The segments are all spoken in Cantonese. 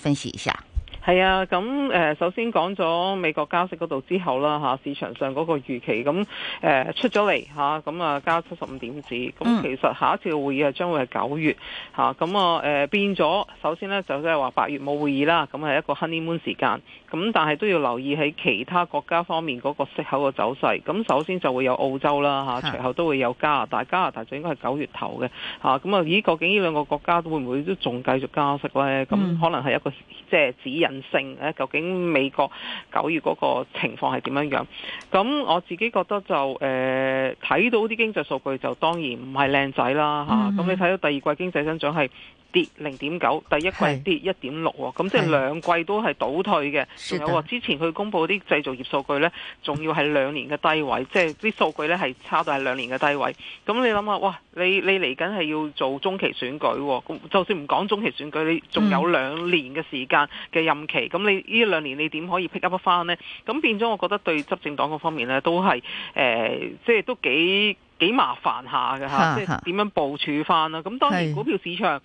分析一下，係啊，咁誒，首先講咗美國加息嗰度之後啦，吓市場上嗰個預期咁誒、嗯、出咗嚟吓，咁啊加七十五點子，咁其實下一次嘅會議係將會係九月吓，咁啊誒、呃、變咗，首先咧就即係話八月冇會議啦，咁係一個 honeymoon 時間。咁但係都要留意喺其他國家方面嗰個息口嘅走勢。咁首先就會有澳洲啦、啊、隨後都會有加拿大。加拿大就應該係九月頭嘅。咁啊，咦？究竟呢兩個國家會唔會都仲繼續加息呢？咁、嗯、可能係一個即係、就是、指引性。誒、啊，究竟美國九月嗰個情況係點樣？咁我自己覺得就誒睇、呃、到啲經濟數據就當然唔係靚仔啦。咁你睇到第二季經濟增長係跌零點九，第一季跌一點六喎，咁即係兩季都係倒退嘅。仲的有喎，之前佢公布啲製造業數據呢，仲要係兩年嘅低位，即係啲數據呢，係差到係兩年嘅低位。咁你諗下，哇，你你嚟緊係要做中期選舉、哦，就算唔講中期選舉，你仲有兩年嘅時間嘅任期，咁、嗯、你呢兩年你點可以 pick up 翻呢？咁變咗，我覺得對執政黨嗰方面呢，都係、呃、即係都幾幾麻煩下嘅哈即係點樣部署翻啦？咁當然股票市場，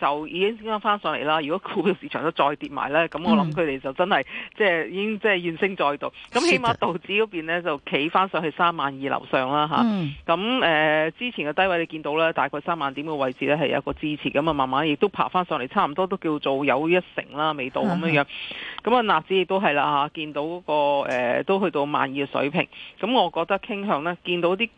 就已經升翻上嚟啦！如果股市市場都再跌埋咧，咁我諗佢哋就真係、嗯、即係已經即係怨聲載道。咁起碼道指嗰邊咧就企翻上去三萬二樓上啦吓，咁、啊、誒、嗯呃、之前嘅低位你見到咧，大概三萬點嘅位置咧係有個支持。咁啊，慢慢亦都爬翻上嚟，差唔多都叫做有一成啦，未到咁、嗯、樣咁啊、嗯，納指亦都係啦吓，見到、那個誒、呃、都去到萬二嘅水平。咁我覺得傾向咧，見到啲。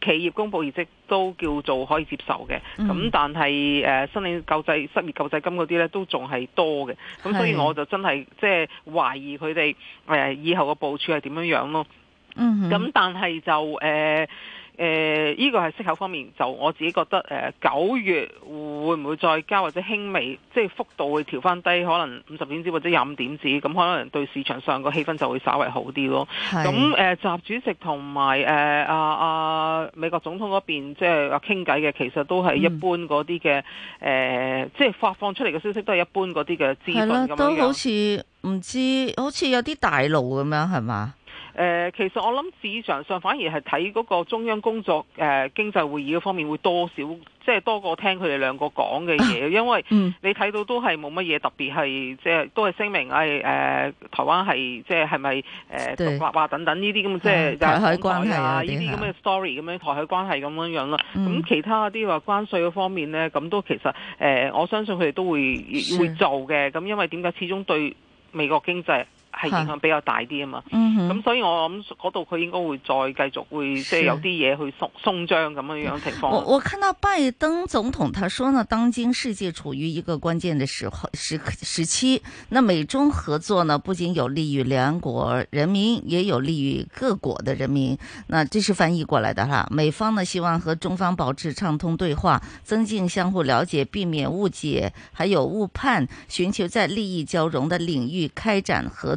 企業公布業績，都叫做可以接受嘅，咁、嗯、哼但係誒，申、呃、領救濟、失業救濟金嗰啲咧都仲係多嘅，咁是所以我就真係即係懷疑佢哋誒以後嘅部署係點樣樣咯。咁、嗯、哼但係就誒。呃誒，依、呃這個係息口方面，就我自己覺得誒，九、呃、月會唔會再加或者輕微，即、就、係、是、幅度會調翻低，可能五十點子或者廿五點子，咁可能對市場上個氣氛就會稍為好啲咯。咁誒是、呃，習主席同埋誒阿美國總統嗰邊即係傾偈嘅，其實都係一般嗰啲嘅誒，即係發放出嚟嘅消息都係一般嗰啲嘅資料。咁都好似唔知，好似有啲大路咁樣，係嘛？誒、呃，其實我諗市場上反而係睇嗰個中央工作誒、呃、經濟會議嗰方面會多少，即係多過聽佢哋兩個講嘅嘢，啊嗯、因為你睇到都係冇乜嘢特別係，即係都係聲明誒、啊、誒、呃，台灣係即係係咪誒獨立啊等等呢啲咁即係台海關係啊，呢啲咁嘅 story 咁樣，台海關係咁樣樣咯。咁、嗯、其他啲話關稅嗰方面咧，咁都其實誒、呃，我相信佢哋都會會做嘅。咁是因為點解始終對美國經濟係影響比較大啲啊嘛，咁、嗯、哼所以我諗嗰度佢應該會再繼續會即係有啲嘢去鬆鬆張咁樣樣情況。我我看到拜登總統，他說呢，當今世界處於一個關鍵的時候時時期，那美中合作呢，不僅有利於兩國人民，也有利於各國的人民。那這是翻譯過來的哈。美方呢，希望和中方保持暢通對話，增進相互了解，避免誤解，還有誤判，尋求在利益交融的領域開展合。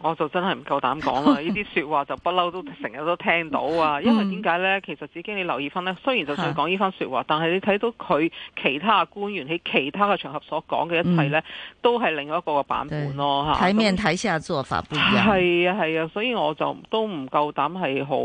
我就真係唔夠膽講啦！呢啲說話就不嬲都成日 都聽到啊！因為點解咧？其實只驚你留意翻咧，雖然就算講呢番說話，啊、但係你睇到佢其他官員喺其他嘅場合所講嘅一切咧，嗯、都係另外一個嘅版本咯、啊、嚇。睇對、啊、面睇下做法係係啊係啊，所以我就都唔夠膽係好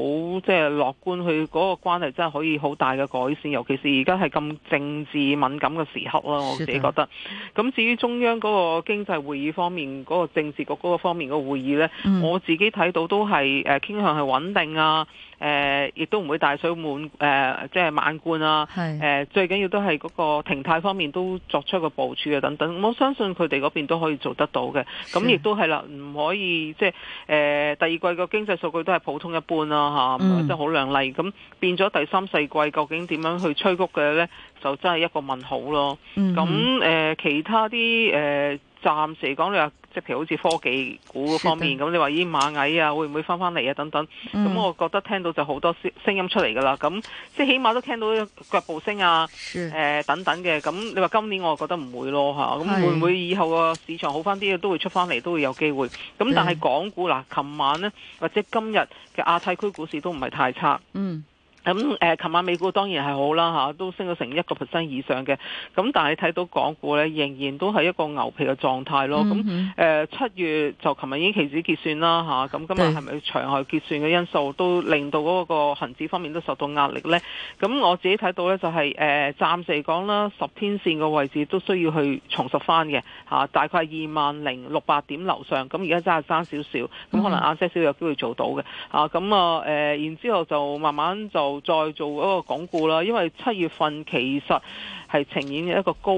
即係樂觀佢嗰、那個關係真係可以好大嘅改善，尤其是而家係咁政治敏感嘅時刻啦。我自己覺得。咁的至於中央嗰個經濟會議方面，嗰、那個政治局嗰個方面個會議。嗯、我自己睇到都係誒、呃、傾向係穩定啊，誒、呃、亦都唔會大水滿誒、呃、即係漫灌啊，誒是、呃、最緊要都係嗰個停滯方面都作出個部署啊等等，我相信佢哋嗰邊都可以做得到嘅，咁亦是都係啦，唔可以即係誒第二季個經濟數據都係普通一般啦、啊、嚇、嗯，真係好靚麗，咁變咗第三四季究竟點樣去催谷嘅咧，就真係一個問號咯，咁誒、嗯呃、其他啲誒。呃暫時嚟講，你話即譬如好似科技股方面咁，的你話咦，螞蟻啊，會唔會翻翻嚟啊？等等，咁、嗯、我覺得聽到就好多聲音出嚟噶啦，咁即係起碼都聽到腳步聲啊是、呃，等等嘅，咁你話今年我覺得唔會咯嚇，咁會唔會以後個市場好翻啲都會出翻嚟，都會有機會。咁但係港股嗱，琴的、呃、晚呢，或者今日嘅亞太區股市都唔係太差。嗯。咁誒，琴、嗯呃、晚美股當然係好啦，都升咗成一個 percent 以上嘅。咁但係睇到港股咧，仍然都係一個牛皮嘅狀態咯。咁誒、mm，七、hmm. 呃、月就琴日已經期指結算啦咁、嗯、今日係咪場外結算嘅因素都令到嗰個恆指方面都受到壓力咧？咁我自己睇到咧就係、是、誒、呃，暫時嚟講啦，十天線嘅位置都需要去重拾翻嘅，大概二萬零六百點樓上。咁而家真係爭少少，咁、mm hmm. 可能晏些少有機會做到嘅咁啊、呃、然之後就慢慢就。再做一個鞏固啦，因為七月份其實係呈現一個高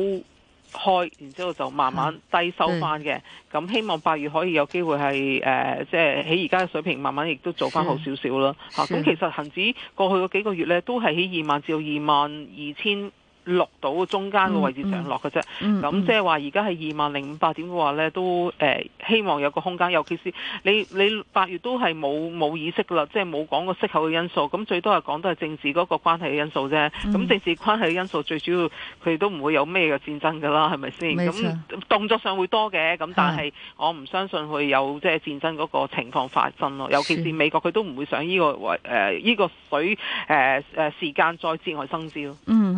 開，然之後就慢慢低收翻嘅。咁、嗯、希望八月可以有機會係誒，即係喺而家嘅水平慢慢亦都做翻好少少啦。吓，咁其實恒指過去嗰幾個月呢，都係喺二萬至到二萬二千，落到中間個位置上落嘅啫，咁即係話而家係二萬零五百點嘅話呢，都誒、呃、希望有個空間，尤其是你你八月都係冇冇意識㗎啦，即係冇講個息口嘅因素，咁最多係講都係政治嗰個關係嘅因素啫。咁、嗯、政治關係嘅因素最主要佢都唔會有咩嘅戰爭㗎啦，係咪先？咁錯動作上會多嘅，咁但係我唔相信佢有即係戰爭嗰個情況發生咯，是尤其是美國佢都唔會想呢、這個位呢、呃這個水誒誒、呃、時間再節外生枝咯。嗯，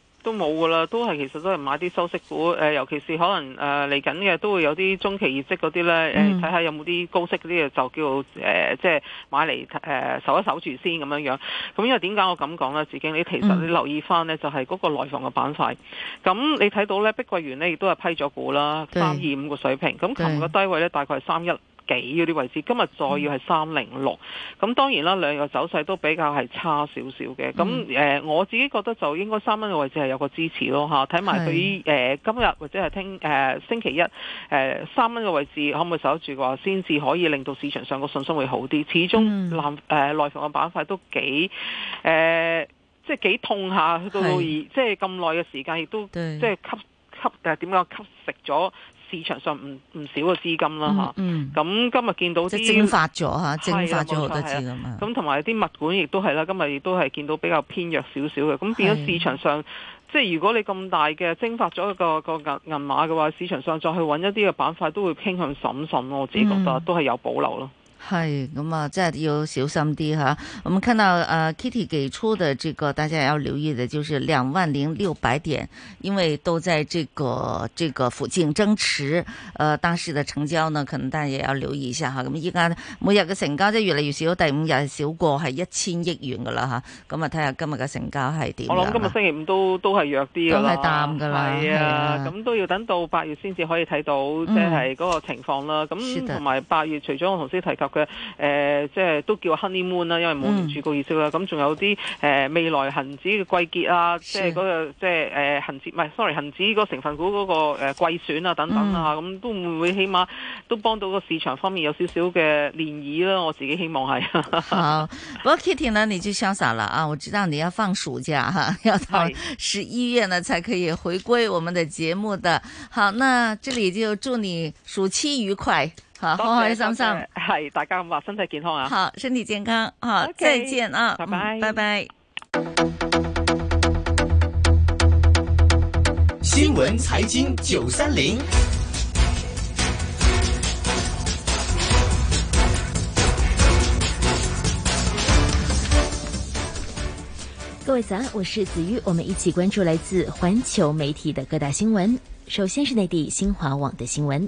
都冇噶啦，都係其實都係買啲收息股、呃，尤其是可能誒嚟緊嘅都會有啲中期業績嗰啲咧，睇下、嗯、有冇啲高息啲嘢就叫誒、呃、即係買嚟誒、呃、守一守住先咁樣樣。咁因為點解我咁講咧？子敬，你其實你留意翻咧，就係嗰個內房嘅板塊。咁、嗯、你睇到咧，碧桂園咧亦都係批咗股啦，三二五個水平。咁琴日低位咧大概係三一。幾嗰啲位置，今日再要係三零六，咁當然啦，兩個走勢都比較係差少少嘅。咁誒、嗯呃，我自己覺得就應該三蚊嘅位置係有個支持咯嚇，睇埋佢誒今日或者係聽誒星期一誒三蚊嘅位置可唔可以守住嘅話，先至可以令到市場上個信心會好啲。始終內誒內房嘅板塊都幾誒、呃，即係幾痛下，去到到而是即係咁耐嘅時間，亦都對即係吸吸誒點樣吸食咗。市場上唔唔少嘅資金啦，吓、嗯，咁、嗯、今日見到啲蒸發咗吓，蒸發咗好多資金，咁同埋啲物管亦都係啦，今日亦都係見到比較偏弱少少嘅，咁變咗市場上，的即係如果你咁大嘅蒸發咗一個個銀銀碼嘅話，市場上再去搵一啲嘅板塊都會傾向審慎咯，我自己覺得、嗯、都係有保留咯。係咁啊，真係要小心啲哈，我們看到 Kitty 給出的這個大家要留意的，就是兩萬零六百點，因為都在這個這個附近增持。呃，當時的成交呢，可能大家也要留意一下哈。咁而家每日嘅成交就越來越少，第五日少過係一千億元噶啦吓。咁啊，睇下今日嘅成交係點。我諗今日星期五都都係弱啲係淡噶啦，係啊，咁、啊啊、都要等到八月先至可以睇到即係嗰個情況啦。咁同埋八月，除咗我頭先提及。嘅誒，即係、呃、都叫 honeymoon 啦，因為冇住過意思啦。咁仲、嗯嗯、有啲誒未來恒指嘅季結啊，是即係嗰個即係誒恆指，唔係，sorry 恒指嗰成分股嗰個誒季選啊等等、嗯、啊，咁都唔會，會起碼都幫到個市場方面有少少嘅漣漪啦？我自己希望係。好 well Kitty 呢你就瀟灑了啊！我知道你要放暑假嚇、啊，要到十一月呢才可以回歸我們嘅節目的。好，那這裡就祝你暑期愉快。好，開開心心係，大家好話身體健康啊！好，身體健康，好 okay, 再見啊！拜拜，拜拜。新聞財經九三零，各位早晨，我是子瑜。我們一起關注來自環球媒體的各大新聞。首先是內地新華網的新聞。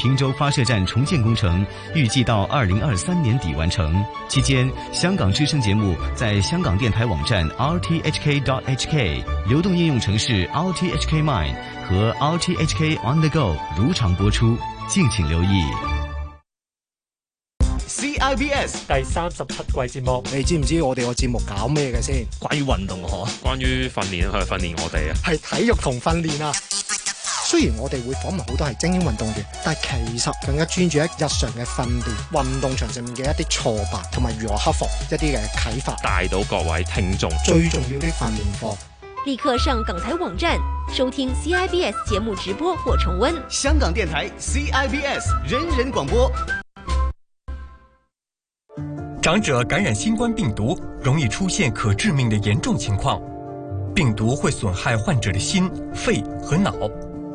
平洲發射站重建工程預計到二零二三年底完成。期間，香港之聲節目在香港電台網站 r t h k dot h k、流動應用程式 r t h k m i n e 和 r t h k on the go 如常播出，敬請留意。C I B S 第三十七季節目，你知唔知我哋個節目搞咩嘅先？關於運動嘅嗬，關於訓練啊，係訓練我哋啊，係體育同訓練啊。雖然我哋會訪問好多係精英運動員，但係其實更加專注喺日常嘅訓練、運動場上面嘅一啲挫敗同埋如何克服一啲嘅啟發，帶到各位聽眾最重要的訓練課。立刻上港台網站收聽 CIBS 節目直播或重溫。香港電台 CIBS 人人廣播。長者感染新冠病毒容易出現可致命的嚴重情況，病毒會損害患者的心、肺和腦。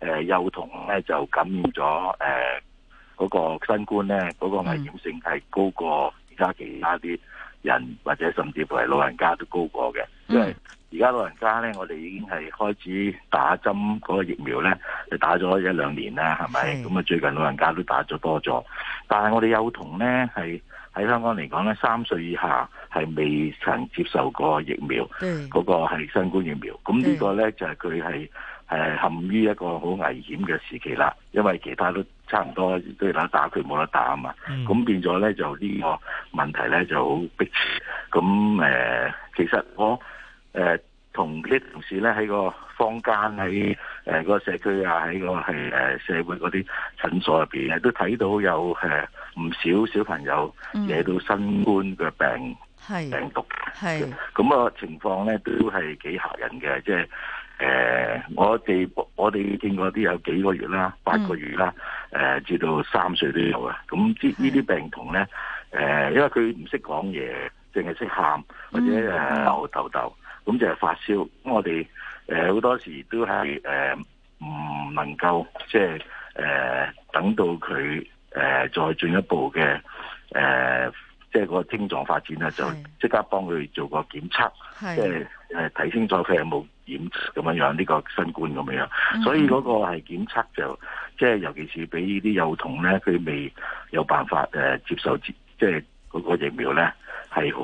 呃、幼童咧就感染咗誒，嗰、呃嗰個新冠咧，嗰、嗰個危險性係高過而家其他啲人，或者、嗯、甚至乎係老人家都高過嘅。因為而家老人家咧，我哋已經係開始打針嗰個疫苗咧，就打咗一兩年啦，係咪？咁啊是，最近老人家都打咗多咗。但係我哋幼童咧，係喺香港嚟講咧，三歲以下係未曾接受過疫苗，嗰是個係新冠疫苗。咁是呢個咧就係佢係。係陷於一個好危險嘅時期啦，因為其他都差唔多都要打佢冇得打啊嘛，咁、嗯、變咗咧就呢個問題咧就好逼。咁、呃、其實我、呃、同啲同事咧喺個坊間喺誒個社區啊，喺個係社會嗰啲診所入邊，啊，都睇到有誒唔、呃、少小朋友惹到新冠嘅病、嗯、病毒，係咁啊情況咧都係幾嚇人嘅，即係。誒、嗯呃，我哋我哋見過啲有幾個月啦，八個月啦，誒至、嗯呃、到三歲都有啊。咁即呢啲病童咧，誒是、呃、因為佢唔識講嘢，淨係識喊或者誒流頭痘，咁、嗯呃、就係發燒。我哋誒好多時都係誒唔能夠即係誒等到佢誒、呃、再進一步嘅誒，即、呃、係、就是、個個症狀發展咧，是就即刻幫佢做個檢測，即係是。就是誒，睇清楚佢有冇染咁樣樣，呢個新冠咁樣樣，所以嗰個係檢測就，即係尤其是俾啲幼童咧，佢未有辦法誒接受，即係嗰個疫苗咧，係好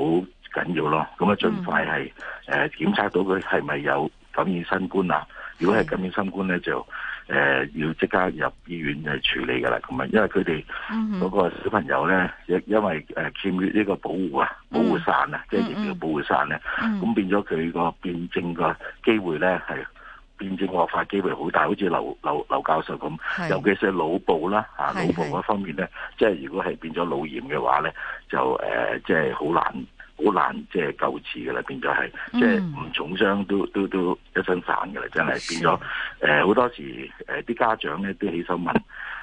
緊要咯。咁啊，盡快係誒檢測到佢係咪有感染新冠啊？如果係感染新冠咧，就。誒、呃，要即刻入醫院去處理噶啦，咁啊，因為佢哋嗰個小朋友咧，因、mm hmm. 因為誒欠缺呢個保護啊，保護傘啊，mm hmm. 即係疫苗保護傘咧，咁、mm hmm. 變咗佢個變症嘅機會咧，係變症惡化機會好大，好似劉劉劉教授咁，是尤其是腦部啦吓，腦部嗰方面咧，是是即係如果係變咗腦炎嘅話咧，就誒即係好難。好難即係救治嘅啦，變咗係即係唔重傷都、嗯、都都，都一身散嘅啦，真係變咗。誒、呃，好多時誒，啲、呃、家長咧都起手問，誒、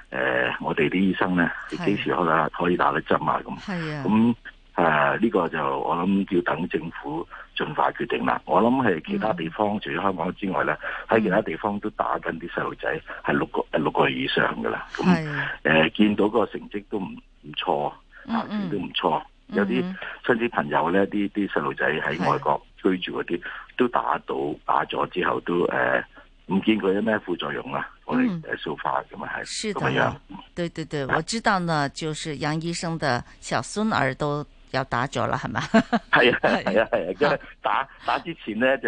呃，我哋啲醫生咧幾是、啊、時可能可以打得針啊？咁，咁誒呢個就我諗要等政府盡快決定啦。我諗係其他地方、嗯、除咗香港之外咧，喺其他地方都打緊啲細路仔係六個六個月以上嘅啦。咁誒是、啊呃，見到個成績都唔唔錯，錯都唔錯。嗯嗯有啲親子朋友咧，啲啲細路仔喺外國居住嗰啲，的都打到打咗之後都誒，唔、呃、見佢有咩副作用啊，我哋誒消化咁啊係，咁、嗯呃 so、樣，的樣對對對，我知道呢，就是楊醫生的小孫兒都有打咗啦，係嘛 係啊係啊係啊，因為打打之前呢，就。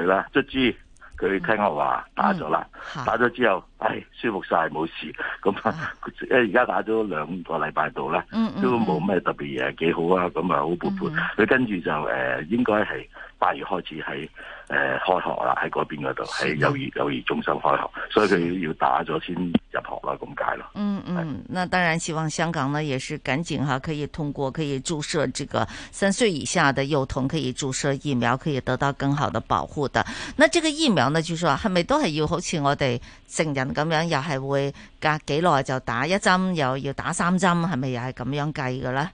卒之，佢聽我話打咗啦，嗯、打咗之後，唉，舒服晒冇事。咁，誒、嗯，而家打咗兩個禮拜度啦，都冇咩特別嘢，幾好啊。咁啊，好活潑。佢、嗯、跟住就誒，應該係八月開始係。誒，開學啦！喺嗰邊嗰度，喺幼兒幼兒中心開學，所以佢要打咗先入學啦，咁解咯。嗯嗯，那當然希望香港呢，也是趕緊哈，可以通過可以注射這個三歲以下的幼童可以注射疫苗，可以得到更好的保護的。那這個疫苗呢，就是說係咪都係要好似我哋成人咁樣，又係會隔幾耐就打一針，又要打三針，係咪又係咁樣計噶咧？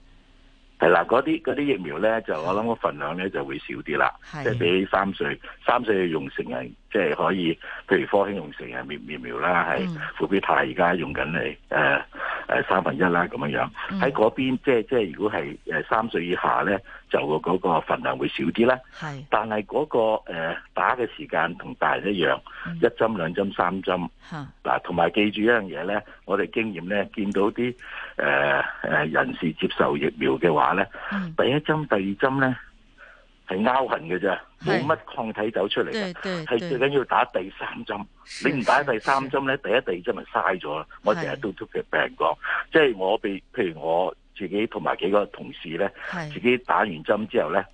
係啦，嗰啲嗰啲疫苗咧，就我諗個份量咧就會少啲啦，即係是比三歲，三歲嘅用成。係。即係可以，譬如科興用成人苗苗苗啦，係復、嗯、必泰而家用緊嚟，誒、呃、三分一啦咁樣喺嗰邊、嗯、即係即係，如果係三歲以下咧，就嗰個份量會少啲啦。是但係嗰、嗰個、呃、打嘅時間同大人一樣，嗯、一針兩針三針。嗱是，同埋記住一樣嘢咧，我哋經驗咧，見到啲誒、呃、人士接受疫苗嘅話咧，是第一針、第二針咧。係拗痕嘅啫，冇乜抗體走出嚟嘅，係最緊要打第三針。是你唔打第三針咧，是第一、第二針咪嘥咗啦。是我成日都同啲病人講，即係是我哋譬如我自己同埋幾個同事咧，是自己打完針之後咧，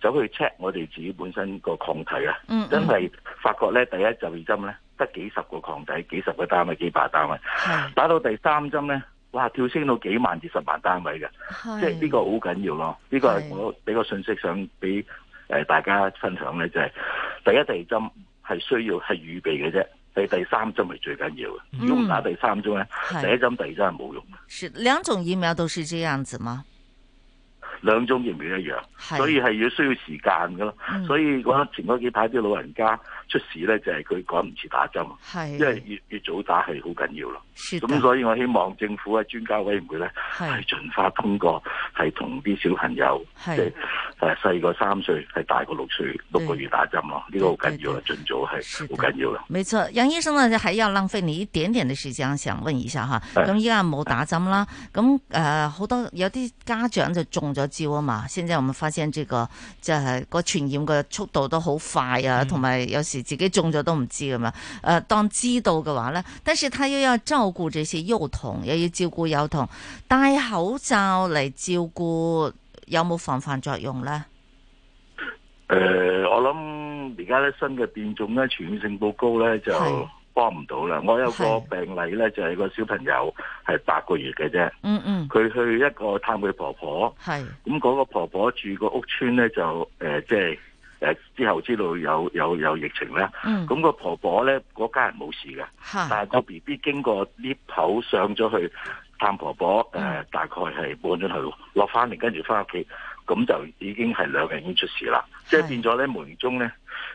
走去 check 我哋自己本身個抗體啦。因是真係發覺咧，第一、第二針咧得幾十個抗體，幾十個單位，幾百單位。是打到第三針咧。哇！跳升到幾萬至十萬單位嘅，是即係呢個好緊要咯。呢、這個係我俾個信息想俾誒大家分享嘅，是就係第一、第二針係需要係預備嘅啫，係第三針係最緊要嘅。如果唔打第三針咧，是第一針、第二針係冇用嘅。是兩種疫苗都是這樣子嗎？兩種疫苗一樣，所以係要需要時間噶咯。所以講前嗰幾排啲老人家出事咧，就係佢趕唔切打針，因為越越早打係好緊要咯。咁所以我希望政府啊專家委員會咧係盡快通過係同啲小朋友，即係誒細個三歲係大過六歲六個月打針咯。呢個好緊要啊，儘早係好緊要噶。冇錯，楊醫生呢，就還要浪費你一點點嘅時間，想問一下嚇。咁依家冇打針啦，咁誒好多有啲家長就中咗。招啊嘛，先至我咪發生住，這個，就係個傳染嘅速度都好快啊，同埋有，有時自己中咗都唔知噶嘛。誒，當知道嘅話呢，但是他又要照顧這些幼童，又要照顧幼童，戴口罩嚟照顧有冇防範作用呢？誒、呃，我諗而家呢新嘅變種呢，傳染性高高呢就。幫唔到啦！我有個病例咧，是就係個小朋友係八個月嘅啫。嗯嗯，佢去一個探佢婆婆。係是，咁嗰個婆婆住個屋村咧，就誒，即係誒之後知道有有有疫情咧。咁、嗯、個婆婆咧，嗰家人冇事嘅。是但係個 B B 經過呢口上咗去探婆婆，誒是、呃，大概係半咗去落翻嚟，跟住翻屋企，咁就已經係兩人已經出事啦。是即係變咗咧，無形中咧。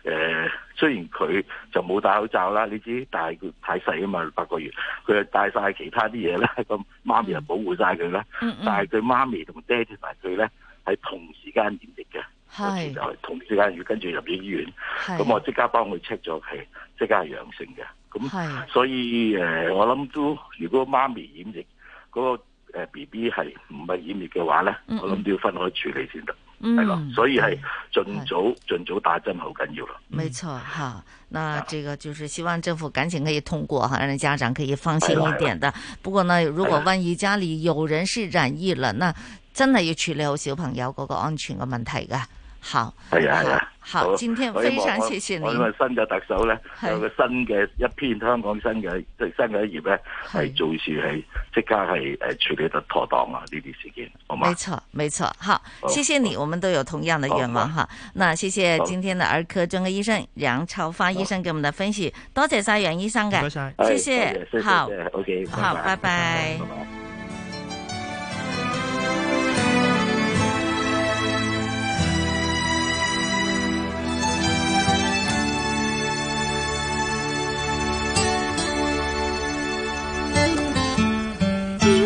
誒、呃，雖然佢就冇戴口罩啦，你知，但係佢太細啊嘛，八個月，佢又戴晒其他啲嘢啦，咁媽咪又保護晒佢啦。嗯、但係佢媽咪同爹哋同埋佢咧，係同時間染疫嘅，就係是同時間要跟住入咗醫院。咁是我即刻幫佢 check 咗，係即刻係陽性嘅。係，咁是所以誒、呃，我諗都如果媽咪染疫嗰個誒 B B 係唔係染疫嘅話咧，嗯、我諗都要分開處理先得。係咯，所以係盡早、嗯、盡早打針好緊要咯。沒錯，哈、嗯，那這個就是希望政府趕緊可以通過，哈，讓家長可以放心一點的。的的不過呢，如果萬一家裏有人是染疫了，的那真係要處理好小朋友嗰個安全嘅問題噶。好係啊好，今天非常謝謝你，因為新嘅特首咧，有個新嘅一篇香港新嘅，即係新嘅一頁咧，係做事係即刻係誒，處理得妥當啊呢啲事件，好嘛？沒錯沒錯，好，謝謝你，我們都有同樣的願望哈。那謝謝今天的兒科專科醫生楊超發醫生給我們的分析，多謝晒楊醫生嘅，唔該晒，謝謝，好，OK，好，拜拜。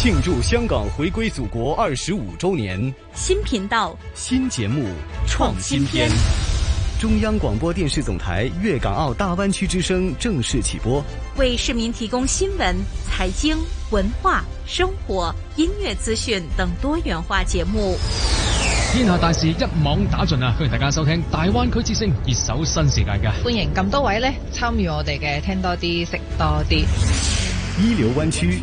慶祝香港回歸祖國二十五周年，新頻道、新節目、創新篇，中央廣播電視總台粵港澳大灣區之聲正式起播，為市民提供新聞、財經、文化、生活、音樂資訊等多元化節目。天下大事一網打盡啊！歡迎大家收聽大灣區之聲，携手新世界嘅。家歡迎咁多位呢參與我哋嘅聽多啲，食多啲，一流灣區。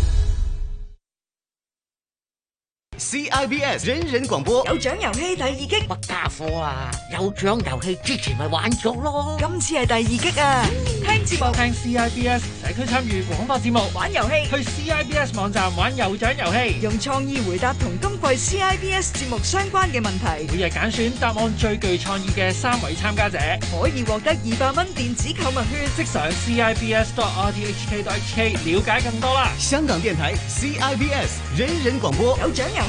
CIBS 人人廣播有獎遊戲第二擊，乜家伙啊？有獎遊戲之前咪玩咗咯，今次係第二擊啊！聽節目，聽 CIBS 社區參與廣播節目，玩遊戲去 CIBS 網站玩有獎遊戲，用創意回答同今季 CIBS 節目相關嘅問題，每日揀選答案最具創意嘅三位參加者，可以獲得二百蚊電子購物券，即上 CIBS.RTHK.HK 了解更多啦！香港電台 CIBS 人人廣播有獎遊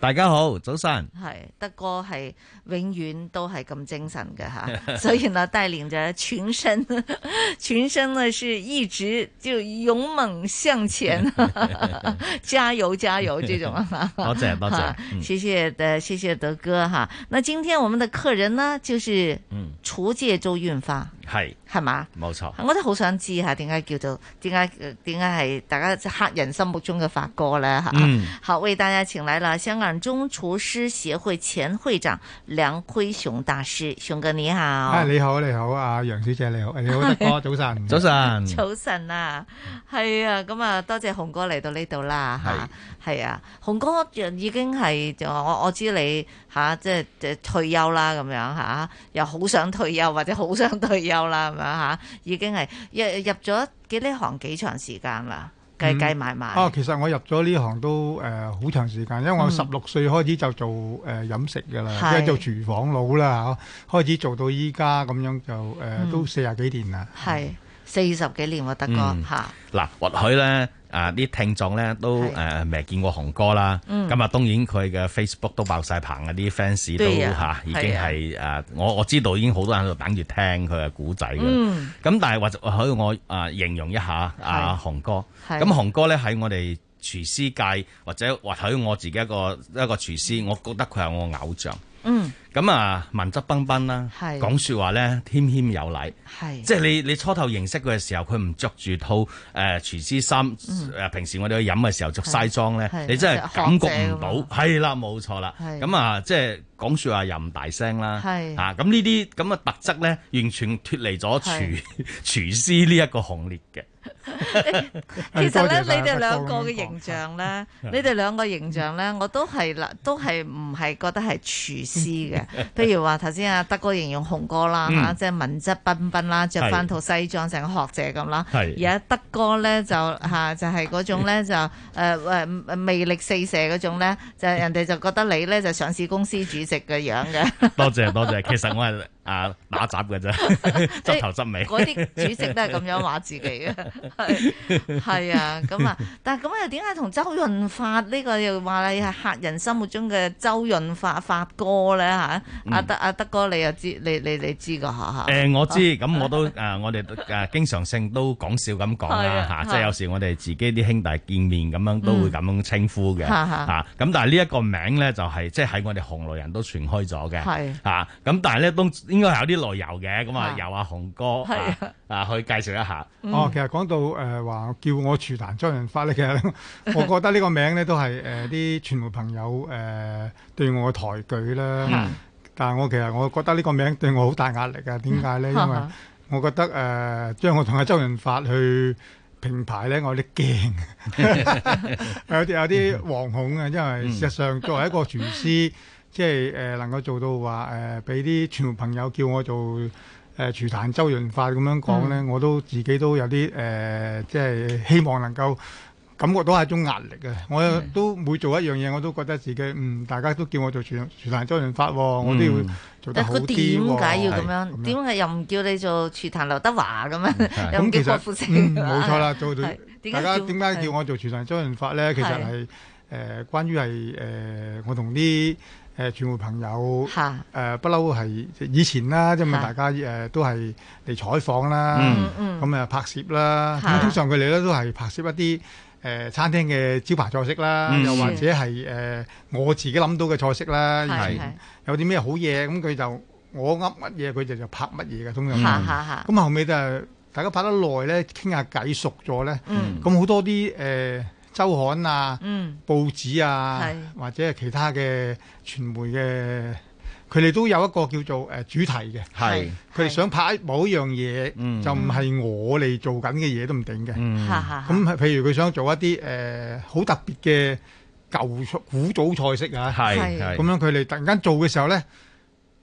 大家好，早晨。係德哥係永遠都係咁精神嘅吓， 所以呢，帶領着全身全身呢是一直就勇猛向前， 加油加油這種。多謝多謝，謝、啊、謝的，謝謝德哥哈。那今天我們的客人呢，就是嗯，廚界周潤發。嗯係，係嘛？冇錯錯，我都好想知吓，點解叫做點解點解係大家客人心目中嘅發哥咧？吓、嗯，好，為大家請嚟了，香港中廚師協會前會長梁輝雄大師，雄哥你好、啊、你好。你好，你好啊，楊小姐你好，你好，哥，早晨，早晨，早晨啊，係啊，咁啊，多謝紅哥嚟到呢度啦，吓是，係啊，紅哥已經係我我知你吓、啊，即係退休啦咁樣吓、啊，又好想退休或者好想退休。啦咁樣吓，已經係入入咗幾呢行幾長時間啦？計計埋埋。哦，其實我入咗呢行都誒好、呃、長時間，因為我十六歲開始就做誒飲食噶啦，即係、嗯、做廚房佬啦，開始做到依家咁樣就誒、呃嗯、都四十幾年啦。係四十幾年喎、啊，德哥吓。嗱、嗯是，或許咧。啊！啲聽眾咧都誒未、呃、見過紅哥啦，咁啊的、嗯、當然佢嘅 Facebook 都爆晒棚啊！啲 fans 都嚇已經係誒，我是的、啊、我知道已經好多人喺度等住聽佢嘅故仔啦。咁、嗯、但係或許我誒形容一下啊，紅是的 哥，咁紅是的 哥咧，喺我哋廚師界或者或許我自己一個一個廚師，我覺得佢係我偶像。嗯，咁啊，文質彬彬啦，講是說話咧謙謙有禮，係是即係你你初頭認識佢嘅時候，佢唔着住套誒廚師衫，誒、嗯、平時我哋去飲嘅時候着西裝咧，你真係感覺唔到，係啦，冇錯啦，咁啊，即係講說話又唔大聲啦，係是啊，咁呢啲咁嘅特質咧，完全脫離咗廚廚師呢一個行列嘅。 其實咧呢，你哋兩個嘅形象咧， 你哋兩個形象咧，我都係啦，都係唔係覺得係廚師嘅。譬 如話頭先阿德哥形容雄哥啦，吓、嗯啊、即係文質彬彬啦，着翻套西裝成個學者咁啦。的而家德哥咧就吓、啊、就係、是、嗰種咧就誒誒、呃、魅力四射嗰種咧， 就人哋就覺得你咧就上市公司主席嘅樣嘅。 多謝多謝，其實我係。啊，打雜嘅啫，執頭執尾，嗰啲主席都係咁樣話自己嘅，係係啊，咁啊，但係咁又點解同周潤發呢個又話係客人心目中嘅周潤發發哥咧吓？阿德阿德哥，你又知你你你知個吓吓？誒，我知，咁我都誒，我哋誒經常性都講笑咁講啦吓，即係有時我哋自己啲兄弟見面咁樣都會咁樣稱呼嘅，吓吓，啊，咁但係呢一個名咧就係即係喺我哋行內人都傳開咗嘅，係吓，咁但係咧都。應該有啲來由嘅，咁啊，由阿洪哥啊啊，是啊去介紹一下。嗯、哦，其實講到誒話、呃、叫我廚壇周潤發咧，其實我覺得呢個名咧都係誒啲傳媒朋友誒、呃、對我抬舉啦。嗯、但係我其實我覺得呢個名對我好大壓力啊！點解咧？因為我覺得誒、呃、將我同阿周潤發去評牌咧，我有啲驚， 有啲有啲惶恐啊！因為事實上作為一個廚師。嗯嗯即係誒、呃、能夠做到話誒俾啲傳媒朋友叫我做誒、呃、廚壇周潤發咁樣講咧，嗯、我都自己都有啲誒、呃，即係希望能夠感覺到係一種壓力嘅。我都每做一樣嘢，我都覺得自己嗯，大家都叫我做廚廚壇周潤發喎，我都要做得好啲。點解、哦嗯啊、要咁樣？點解又唔叫你做廚壇劉德華咁樣？咁是 其實冇、嗯、錯啦，做大家點解叫、叫我做廚壇周潤發咧？其實係誒是、呃、關於係誒、呃、我同啲。誒傳媒朋友，誒不嬲係以前啦，即係大家誒都係嚟採訪啦，咁啊拍攝啦，咁通常佢哋咧都係拍攝一啲誒餐廳嘅招牌菜式啦，又或者係誒我自己諗到嘅菜式啦，有啲咩好嘢，咁佢就我噏乜嘢，佢就就拍乜嘢嘅，通常。咁後尾就大家拍得耐咧，傾下偈熟咗咧，咁好多啲誒。周刊啊，嗯、報紙啊，是或者係其他嘅傳媒嘅，佢哋都有一個叫做誒、呃、主題嘅，佢哋是想拍某一某樣嘢，是就唔係我哋做緊嘅嘢都唔定嘅。咁、嗯嗯、譬如佢想做一啲誒好特別嘅舊古早菜式啊，咁樣佢哋突然間做嘅時候咧，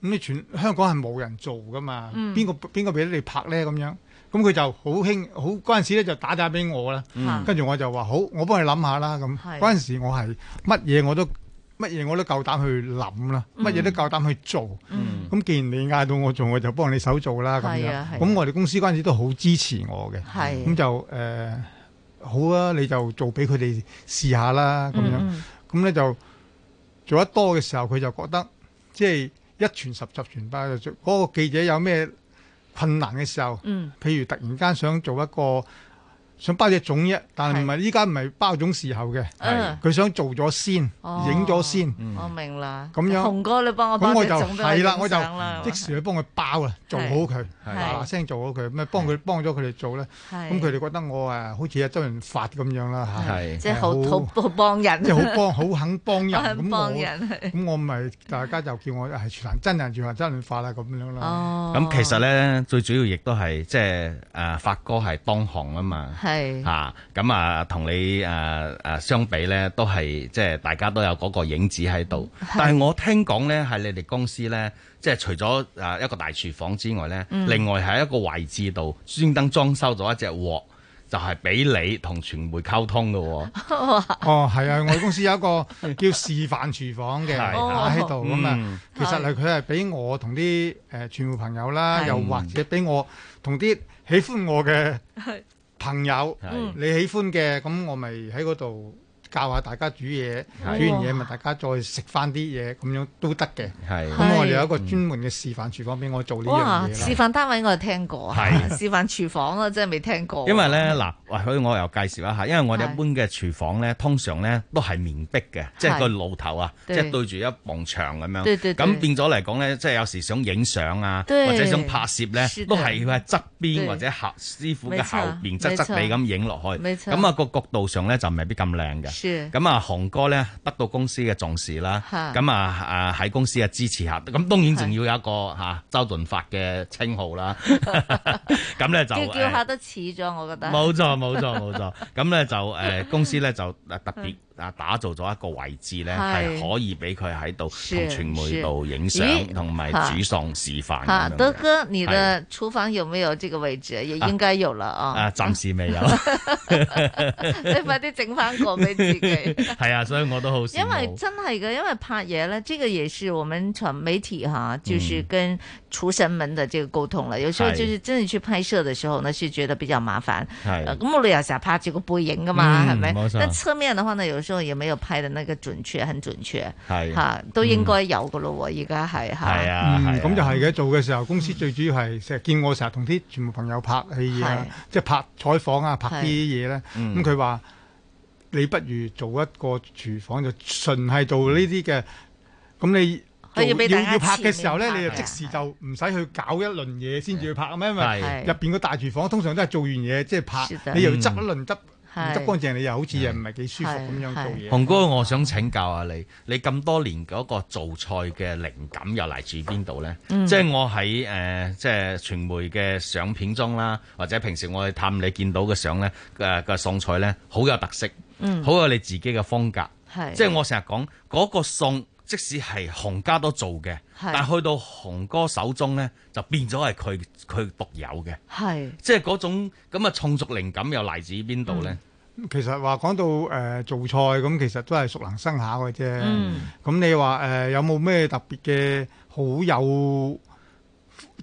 咁你全香港係冇人做㗎嘛？邊個邊個俾得你拍咧？咁樣？咁佢就好興，好嗰陣時咧就打電話俾我啦，跟住、嗯、我就話好，我幫你諗下啦。咁嗰陣時我係乜嘢我都乜嘢我都夠膽去諗啦，乜嘢、嗯、都夠膽去做。咁、嗯、既然你嗌到我做，我就幫你手做啦。咁的樣，咁的我哋公司嗰陣時都好支持我嘅。咁的就誒、呃、好啊，你就做俾佢哋試下啦。咁樣，咁咧、嗯、就做得多嘅時候，佢就覺得即係一傳十,十，十傳百。嗰個記者有咩？困難嘅時候，譬如突然間想做一個。想包隻粽啫，但係唔係依家唔係包粽時候嘅，佢想做咗先，影咗先。我明啦。咁樣洪哥，你幫我包隻粽都得。咁我就係啦，我就即時去幫佢包啦，做好佢，嗱聲做好佢，咩幫佢幫咗佢哋做咧？咁佢哋覺得我誒好似阿周潤發咁樣啦嚇。即係好好好幫人。即係好幫好肯幫人。咁幫人。咁我咪大家就叫我係全行真人，全行周潤發啦咁樣啦。哦。咁其實咧，最主要亦都係即係誒發哥係當行啊嘛。係啊，咁啊，同你誒誒相比咧，都係即係大家都有嗰個影子喺度。但係我聽講咧，係你哋公司咧，即係除咗誒一個大廚房之外咧，另外係一個位置度專登裝修咗一隻鑊，就係俾你同傳媒溝通嘅。哦，係啊，我哋公司有一個叫示範廚房嘅喺度咁啊，其實係佢係俾我同啲誒傳媒朋友啦，又或者俾我同啲喜歡我嘅。朋友，你喜歡嘅咁，我咪喺嗰度。教下大家煮嘢，煮完嘢咪大家再食翻啲嘢咁樣都得嘅。係，咁我哋有一個專門嘅示範廚房俾我做呢樣嘢啦。哇！示範單位我係聽過，係示範廚房啊，真係未聽過。因為咧嗱，喂，所以我又介紹一下，因為我哋一般嘅廚房咧，通常咧都係面壁嘅，即係個爐頭啊，即係對住一埲牆咁樣。對對對。咁變咗嚟講咧，即係有時想影相啊，或者想拍攝咧，都係要喺側邊或者喺師傅嘅後邊側側地咁影落去。沒錯。咁啊個角度上咧就未必咁靚嘅。咁啊，雄哥咧得到公司嘅重視啦，咁啊是啊喺公司嘅支持下，咁當然仲要有一個吓、啊、周潤發嘅稱號啦。咁 咧就 叫，叫下都似咗，我覺得。冇錯，冇錯，冇錯。咁咧 就誒、啊，公司咧就特別。 啊！打造咗一個位置咧，係是可以俾佢喺度同傳媒度影相，同埋煮餸示範咁哈，德哥，你嘅廚房有沒有這個位置？啊、也應該有了哦、啊啊。啊，暫時未有， 你快啲整翻個俾自己。係 啊，所以我都好羨慕。因為真係嘅，因為拍嘢咧，呢、這個也是我們傳媒媒體吓，就是跟、嗯。廚神們嘅這個溝通啦，有時候就是真係去拍攝嘅時候呢，是覺得比較麻煩。係是，咁我哋、啊、又成日拍住個背影噶嘛，係咪、嗯？是是但側面嘅話呢，有時候也沒有拍得那個準確，很準確。係、啊、吓、啊、都應該有噶咯，我而家係係啊，咁、啊啊嗯、就係、是、嘅。做嘅時候，公司最主要係成日見我成日同啲全部朋友拍戲啊，是即係拍採訪啊，拍啲嘢咧。咁佢話，你不如做一個廚房，就純係做呢啲嘅。咁你、嗯？嗯嗯嗯嗯做要拍嘅時候咧，你就即時就唔使去搞一輪嘢先至去拍啊嘛，因為入邊個大廚房通常都係做完嘢即係拍，你又要執一輪執，執乾淨你又好似又唔係幾舒服咁樣做嘢。雄哥，我想請教下你，你咁多年嗰個做菜嘅靈感又嚟自邊度咧？即係我喺誒即係傳媒嘅相片中啦，或者平時我去探你見到嘅相咧，誒嘅餸菜咧好有特色，好有你自己嘅風格。係，即係我成日講嗰個餸。即使係洪家都做嘅，是但係去到洪哥手中咧，就變咗係佢佢獨有嘅。係是即係嗰種咁啊，創作靈感又嚟自邊度咧？嗯、其實話講到誒、呃、做菜咁，其實都係熟能生巧嘅啫。咁、嗯嗯、你話誒、呃、有冇咩特別嘅好有？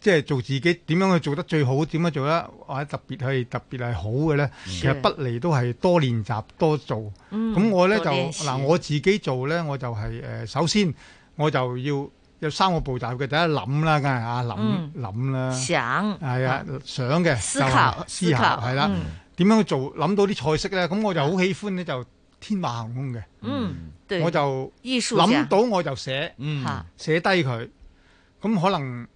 即係做自己點樣去做得最好，點樣做得或者特別係特別係好嘅咧？其實不離都係多練習多做。咁我咧就嗱，我自己做咧，我就係誒，首先我就要有三個步驟嘅，第一諗啦，梗係啊諗諗啦，想係啊想嘅思考思考係啦，點樣去做諗到啲菜式咧？咁我就好喜歡咧，就天馬行空嘅，我就諗到我就寫，寫低佢，咁可能。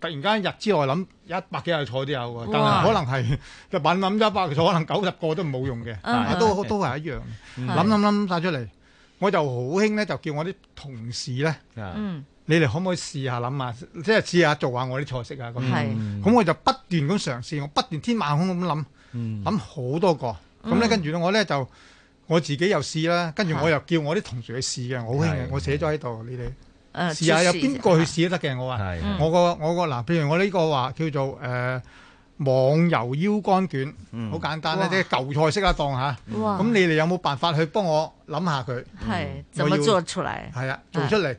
突然間一日之內諗一百幾樣菜都有喎，但係可能係就猛諗一百個菜，可能九十個都冇用嘅，都都係一樣。諗諗諗晒出嚟，我就好興咧，就叫我啲同事咧，你哋可唔可以試下諗下，即係試下做下我啲菜式啊咁。咁我就不斷咁嘗試，我不斷天馬行空咁諗，諗好多個。咁咧跟住我咧就我自己又試啦，跟住我又叫我啲同事去試嘅。我好興，我寫咗喺度，你哋。試下有邊個去試都得嘅，我話。我個我個嗱，譬如我呢個話叫做誒網油腰肝卷，好簡單啦，即係舊菜式啊。當下，咁你哋有冇辦法去幫我諗下佢？係怎麼做出嚟？係啊，做出嚟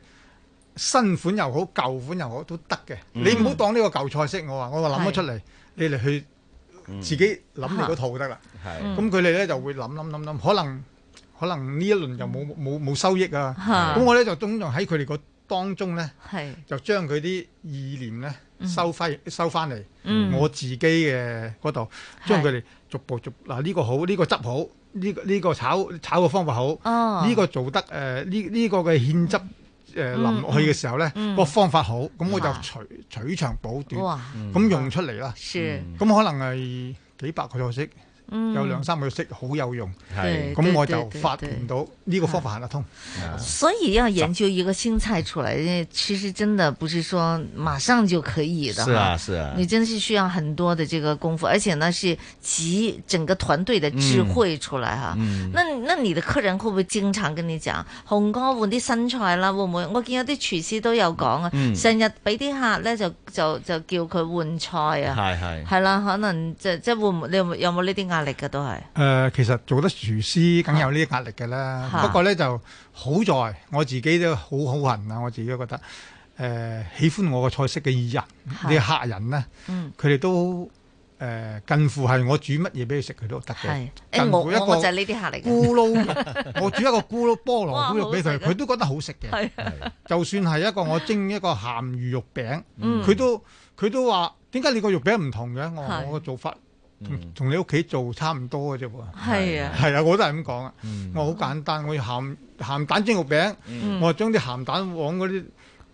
新款又好，舊款又好都得嘅。你唔好當呢個舊菜式，我話我話諗得出嚟，你哋去自己諗你嗰套得啦。係。咁佢哋咧就會諗諗諗諗，可能可能呢一輪就冇冇冇收益啊。咁我咧就通常喺佢哋個。當中咧，就將佢啲意念咧收翻收翻嚟，我自己嘅嗰度，將佢哋逐步逐嗱呢個好，呢個執好，呢呢個炒炒嘅方法好，呢個做得呢呢個嘅芡汁淋落去嘅時候咧，個方法好，咁我就取取長補短，咁用出嚟啦。咁可能係幾百個菜式。嗯，有兩三個月識好有用，係、嗯，咁我就發現到呢個方法行得通。啊、所以要研究一個新菜出嚟，其實真的不是說馬上就可以的。是啊，是啊，你真的是需要很多的這個功夫，而且呢是集整個團隊的智慧出來、嗯、哈。那那你的客人會不會經常跟你講，雄、嗯、哥換啲新菜啦？會唔會？我見有啲廚師都有講啊，成、嗯、日俾啲客咧就就就，就叫佢換菜啊。係係是，係啦，可能即即會唔會你有冇有冇呢啲？壓力嘅都係，誒、呃，其實做得廚師梗有呢啲壓力嘅啦。啊、不過咧就好在我自己都好好運啊，我自己覺得，誒、呃，喜歡我個菜式嘅人，啲、啊、客人咧，佢哋、嗯、都誒、呃、近乎係我煮乜嘢俾佢食佢都得嘅。欸、近乎一個就係呢啲壓力。咕嚕，我煮一個咕嚕菠蘿咕肉俾佢，佢都覺得好食嘅、啊。就算係一個我蒸一個鹹魚肉餅，佢、嗯、都佢都話，點解你個肉餅唔同嘅？我我個做法。同同你屋企做差唔多嘅啫喎。係啊，係啊，我都係咁講啊。我好簡單，我要鹹鹹蛋蒸肉餅，我將啲鹹蛋黃嗰啲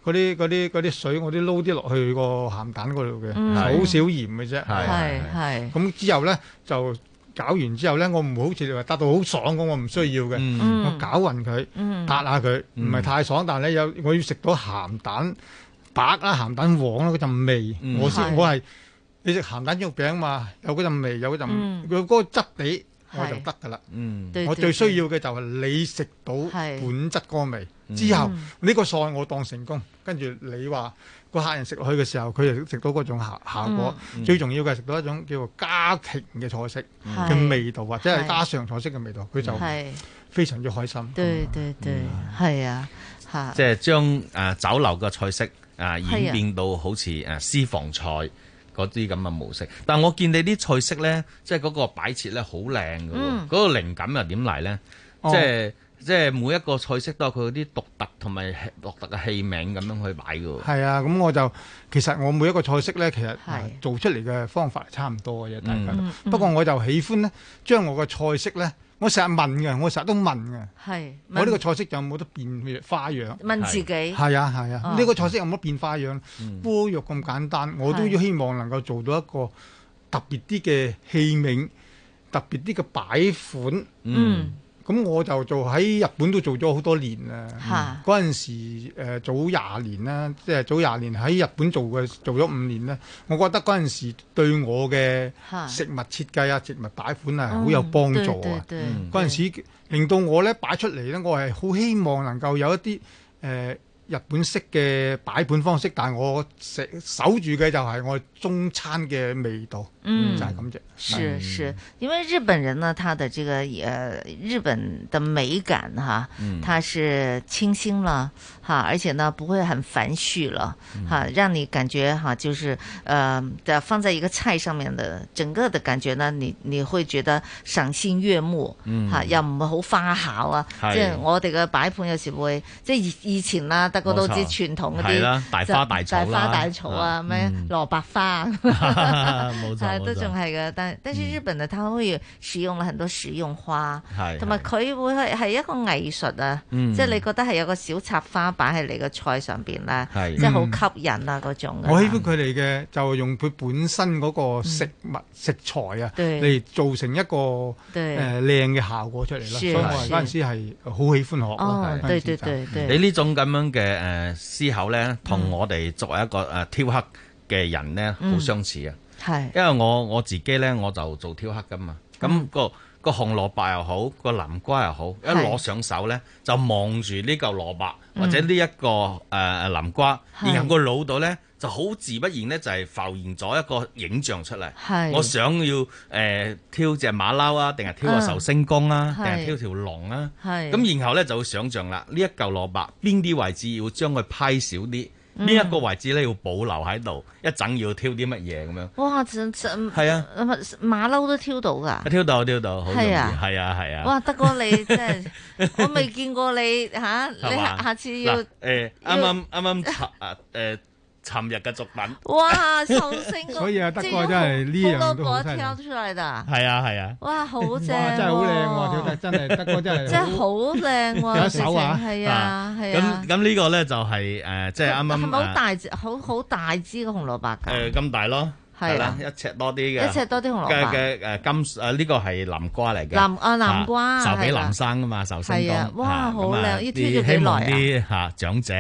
啲啲啲水，我啲撈啲落去個鹹蛋嗰度嘅，好少鹽嘅啫。係係咁之後咧，就搞完之後咧，我唔會好似你話達到好爽嘅，我唔需要嘅。我攪勻佢，撻下佢，唔係太爽，但係咧有我要食到鹹蛋白啦、鹹蛋黃啦嗰陣味，我我係。你食鹹蛋肉餅嘛，有嗰陣味，有嗰陣佢嗰個質地，我就得噶啦。我最需要嘅就係你食到本質嗰味之後，呢個菜我當成功。跟住你話個客人食落去嘅時候，佢就食到嗰種效效果。最重要嘅係食到一種叫做家庭嘅菜式嘅味道，或者係家常菜式嘅味道，佢就非常之開心。對對對，係啊，即係將誒酒樓嘅菜式誒演變到好似誒私房菜。嗰啲咁嘅模式，但係我見你啲菜式咧，即係嗰個擺設咧好靚嘅，嗰、嗯、個靈感又點嚟咧？哦、即係即係每一個菜式都佢啲獨特同埋獨特嘅器皿咁樣去擺嘅。係啊，咁我就其實我每一個菜式咧，其實是做出嚟嘅方法係差唔多嘅啫，大家。嗯、不過我就喜歡咧，將我嘅菜式咧。我成日問嘅，我成日都問嘅。係，我呢個菜式就冇得變樣、花樣？問自己。係啊，係啊，呢、啊哦、個菜式有冇得變花樣？嗯、煲肉咁簡單，我都希望能夠做到一個特別啲嘅器皿，特別啲嘅擺款。嗯。嗯。咁我就做喺日本都做咗好多年啦、嗯。嗰陣哈時誒、呃、早廿年啦，即係早廿年喺日本做嘅做咗五年咧。我覺得嗰陣時對我嘅食物設計啊、哈食物擺款啊，好有幫助啊。嗰陣、嗯嗯、時令到我咧擺出嚟咧，我係好希望能夠有一啲誒、呃、日本式嘅擺盤方式，但係我食守住嘅就係我中餐嘅味道。嗯，就係咁啫。是是，因為日本人呢，他的這個，誒，日本的美感哈，嗯、它是清新啦，哈，而且呢，不會很繁續了，嗯、哈，讓你感覺哈，就是，誒、呃，的放在一個菜上面的，整個的感覺呢，你你會覺得賞心悦目，嗯，哈，又唔好花巧啊，即係我哋嘅擺盤有時會，即係以以前啦，大家都知傳統啲，啦，大花大草，大花大草啊，咩、啊啊啊、蘿蔔花啊。都仲係嘅，但係日本啊，他可以使用了很多使用花，係同埋佢會係係一個藝術啊，即係你覺得係有個小插花擺喺你個菜上邊咧，係即係好吸引啊種。我喜歡佢哋嘅就用佢本身嗰個食物食材啊嚟，做成一個誒靚嘅效果出嚟啦，所以我嗰陣時係好喜歡學咯。對對對，你呢種咁樣嘅誒思考咧，同我哋作為一個誒雕刻嘅人咧，好相似啊。係，因為我我自己咧，我就做雕刻㗎嘛。咁、那個、嗯、個紅蘿蔔又好，個南瓜又好，一攞上手咧，就望住呢嚿蘿蔔或者呢、這、一個誒、嗯呃、南瓜，然後個腦度咧就好自不然咧就係、是、浮現咗一個影像出嚟。係是，我想要誒雕隻馬騮啊，定係雕個壽星公啊，定係、啊、雕條龍啊。係是，咁、啊、然後咧就會想像啦。呢一嚿蘿蔔邊啲位置要將佢批少啲。邊一個位置咧要保留喺度，一陣要挑啲乜嘢咁樣？哇！係啊，馬馬騮都挑到噶，挑到挑到，好容易，係啊，係啊，哇，德哥你真係，我未見過你吓，你下下次要誒，啱啱啱啱啊誒。尋日嘅作品，哇！壽星所以啊，德哥真係呢樣都真係，跳出嚟噶，係啊係啊，哇好正，真係好靚喎，跳得真係德哥真係，真係好靚喎，有手啊，係啊係啊，咁咁呢個咧就係誒，即係啱啱係咪好大枝好好大支嘅紅蘿蔔㗎？咁大咯，係啦，一尺多啲嘅，一尺多啲紅蘿蔔嘅誒金誒呢個係南瓜嚟嘅，南啊南瓜，壽比南山㗎嘛，壽星啊！哇好靚，要跳咗幾耐啊？希望啲嚇長者。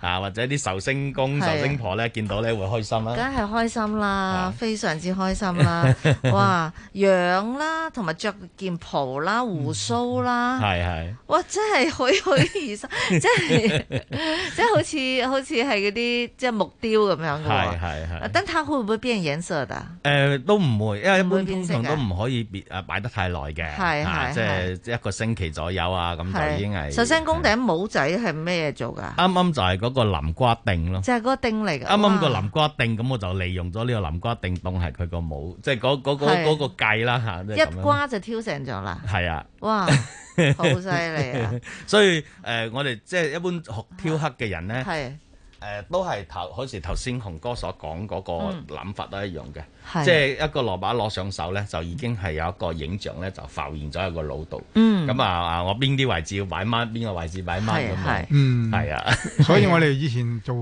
啊，或者啲壽星公、壽、啊、星婆咧，見到咧會開心、啊、是開心啦，梗係開心啦，非常之開心啦！ 哇，樣啦，同埋着件袍啦，鬍鬚啦，係係、嗯，嗯，是是哇，真係栩栩如生，真係真好似好似係嗰啲即係木雕咁樣嘅喎，係係係。但佢會唔會變顏色噶？誒、呃，都唔會，因為一般通常都唔可以別擺、啊、得太耐嘅，係係、啊，即係一個星期左右啊，咁就已經係。壽星公頂帽仔係咩做噶？啱啱就係嗰個南瓜定咯，就係嗰個定嚟㗎。啱啱個南瓜定，咁哇我就利用咗呢個南瓜定當係佢個帽，即係嗰嗰個計啦嚇。就係、一瓜就挑成咗啦。係啊，哇，好犀利啊！所以誒，我哋即係一般學挑黑嘅人咧。係。誒、呃，都係頭好似頭先雄哥所講嗰個諗法都一樣嘅，嗯、即係一個蘿蔔攞上手呢，就已經係有一個影像呢，就浮現咗喺個腦度。嗯，咁啊，我邊啲位置要擺乜，邊個位置擺乜咁啊？係啊。所以我哋以前做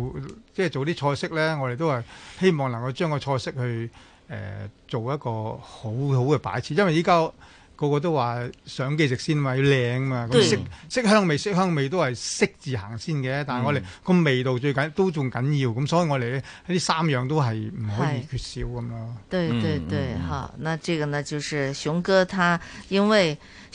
即係、就是、做啲菜式呢，我哋都係希望能夠將個菜式去誒、呃、做一個好好嘅擺設，因為依家。個個都話相機食先嘛，要靚嘛，咁色色香味色香味都係色字行先嘅。但係我哋個、嗯、味道最緊都仲緊要，咁所以我哋咧呢三樣都係唔可以缺少咁咯。對對對，哈、嗯！那這個呢，就是雄哥他因為。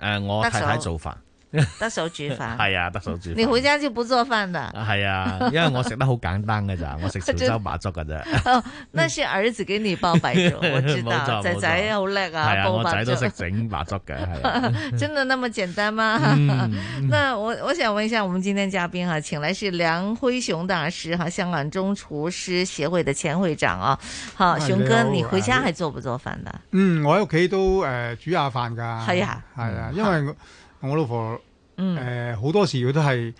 誒，我太太做飯。得手煮飯係啊，得手煮。你回家就不做飯的？係啊，因為我食得好簡單嘅咋，我食潮州麻粥嘅咋。哦，那是兒子給你煲白粥，我知道仔仔好叻啊，煲白粥，係啊，我仔都識整麻粥嘅，係啊。真的那麼簡單嗎？那我我想問一下，我們今天嘉賓哈，請來是梁輝雄大師哈，香港中廚師協會的前會長啊。好，雄哥，你回家係做不做飯的？嗯，我喺屋企都誒煮下飯噶。係啊，係啊，因為我。我老婆誒好、嗯呃、多時佢都係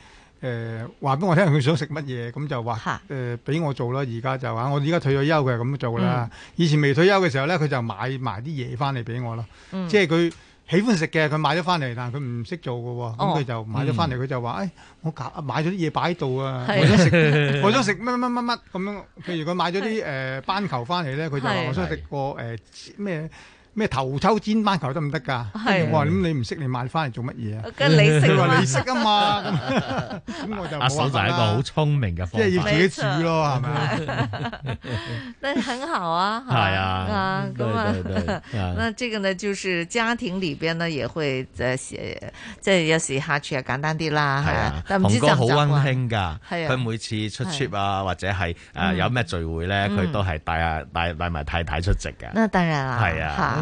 誒話俾我聽佢想食乜嘢，咁就話誒俾我做啦。而家就話我而家退咗休，佢係咁做啦。嗯、以前未退休嘅時候咧，佢就買埋啲嘢翻嚟俾我咯。嗯、即係佢喜歡食嘅，佢買咗翻嚟，但佢唔識做嘅喎，咁佢就買咗翻嚟，佢、哦哦嗯、就話：，誒、哎，我買咗啲嘢擺喺度啊，的我想食， 我想食乜乜乜乜咁樣。譬如佢買咗啲誒斑球翻嚟咧，佢就話：我想食個咩？呃咩頭抽煎班球得唔得噶？我話，咁你唔識，你買翻嚟做乜嘢啊？你話你識啊嘛，咁我就阿嫂一個好聰明嘅，即係要自己煮咯，係咪？那很好啊，係啊，咁啊，那這個呢，就是家庭裏邊呢，亦會即係有時下廚啊簡單啲啦。咁啊，雄哥好溫馨噶，佢每次出 trip 啊或者係有咩聚會咧，佢都係帶啊帶埋太太出席嘅。那當然啦，係啊。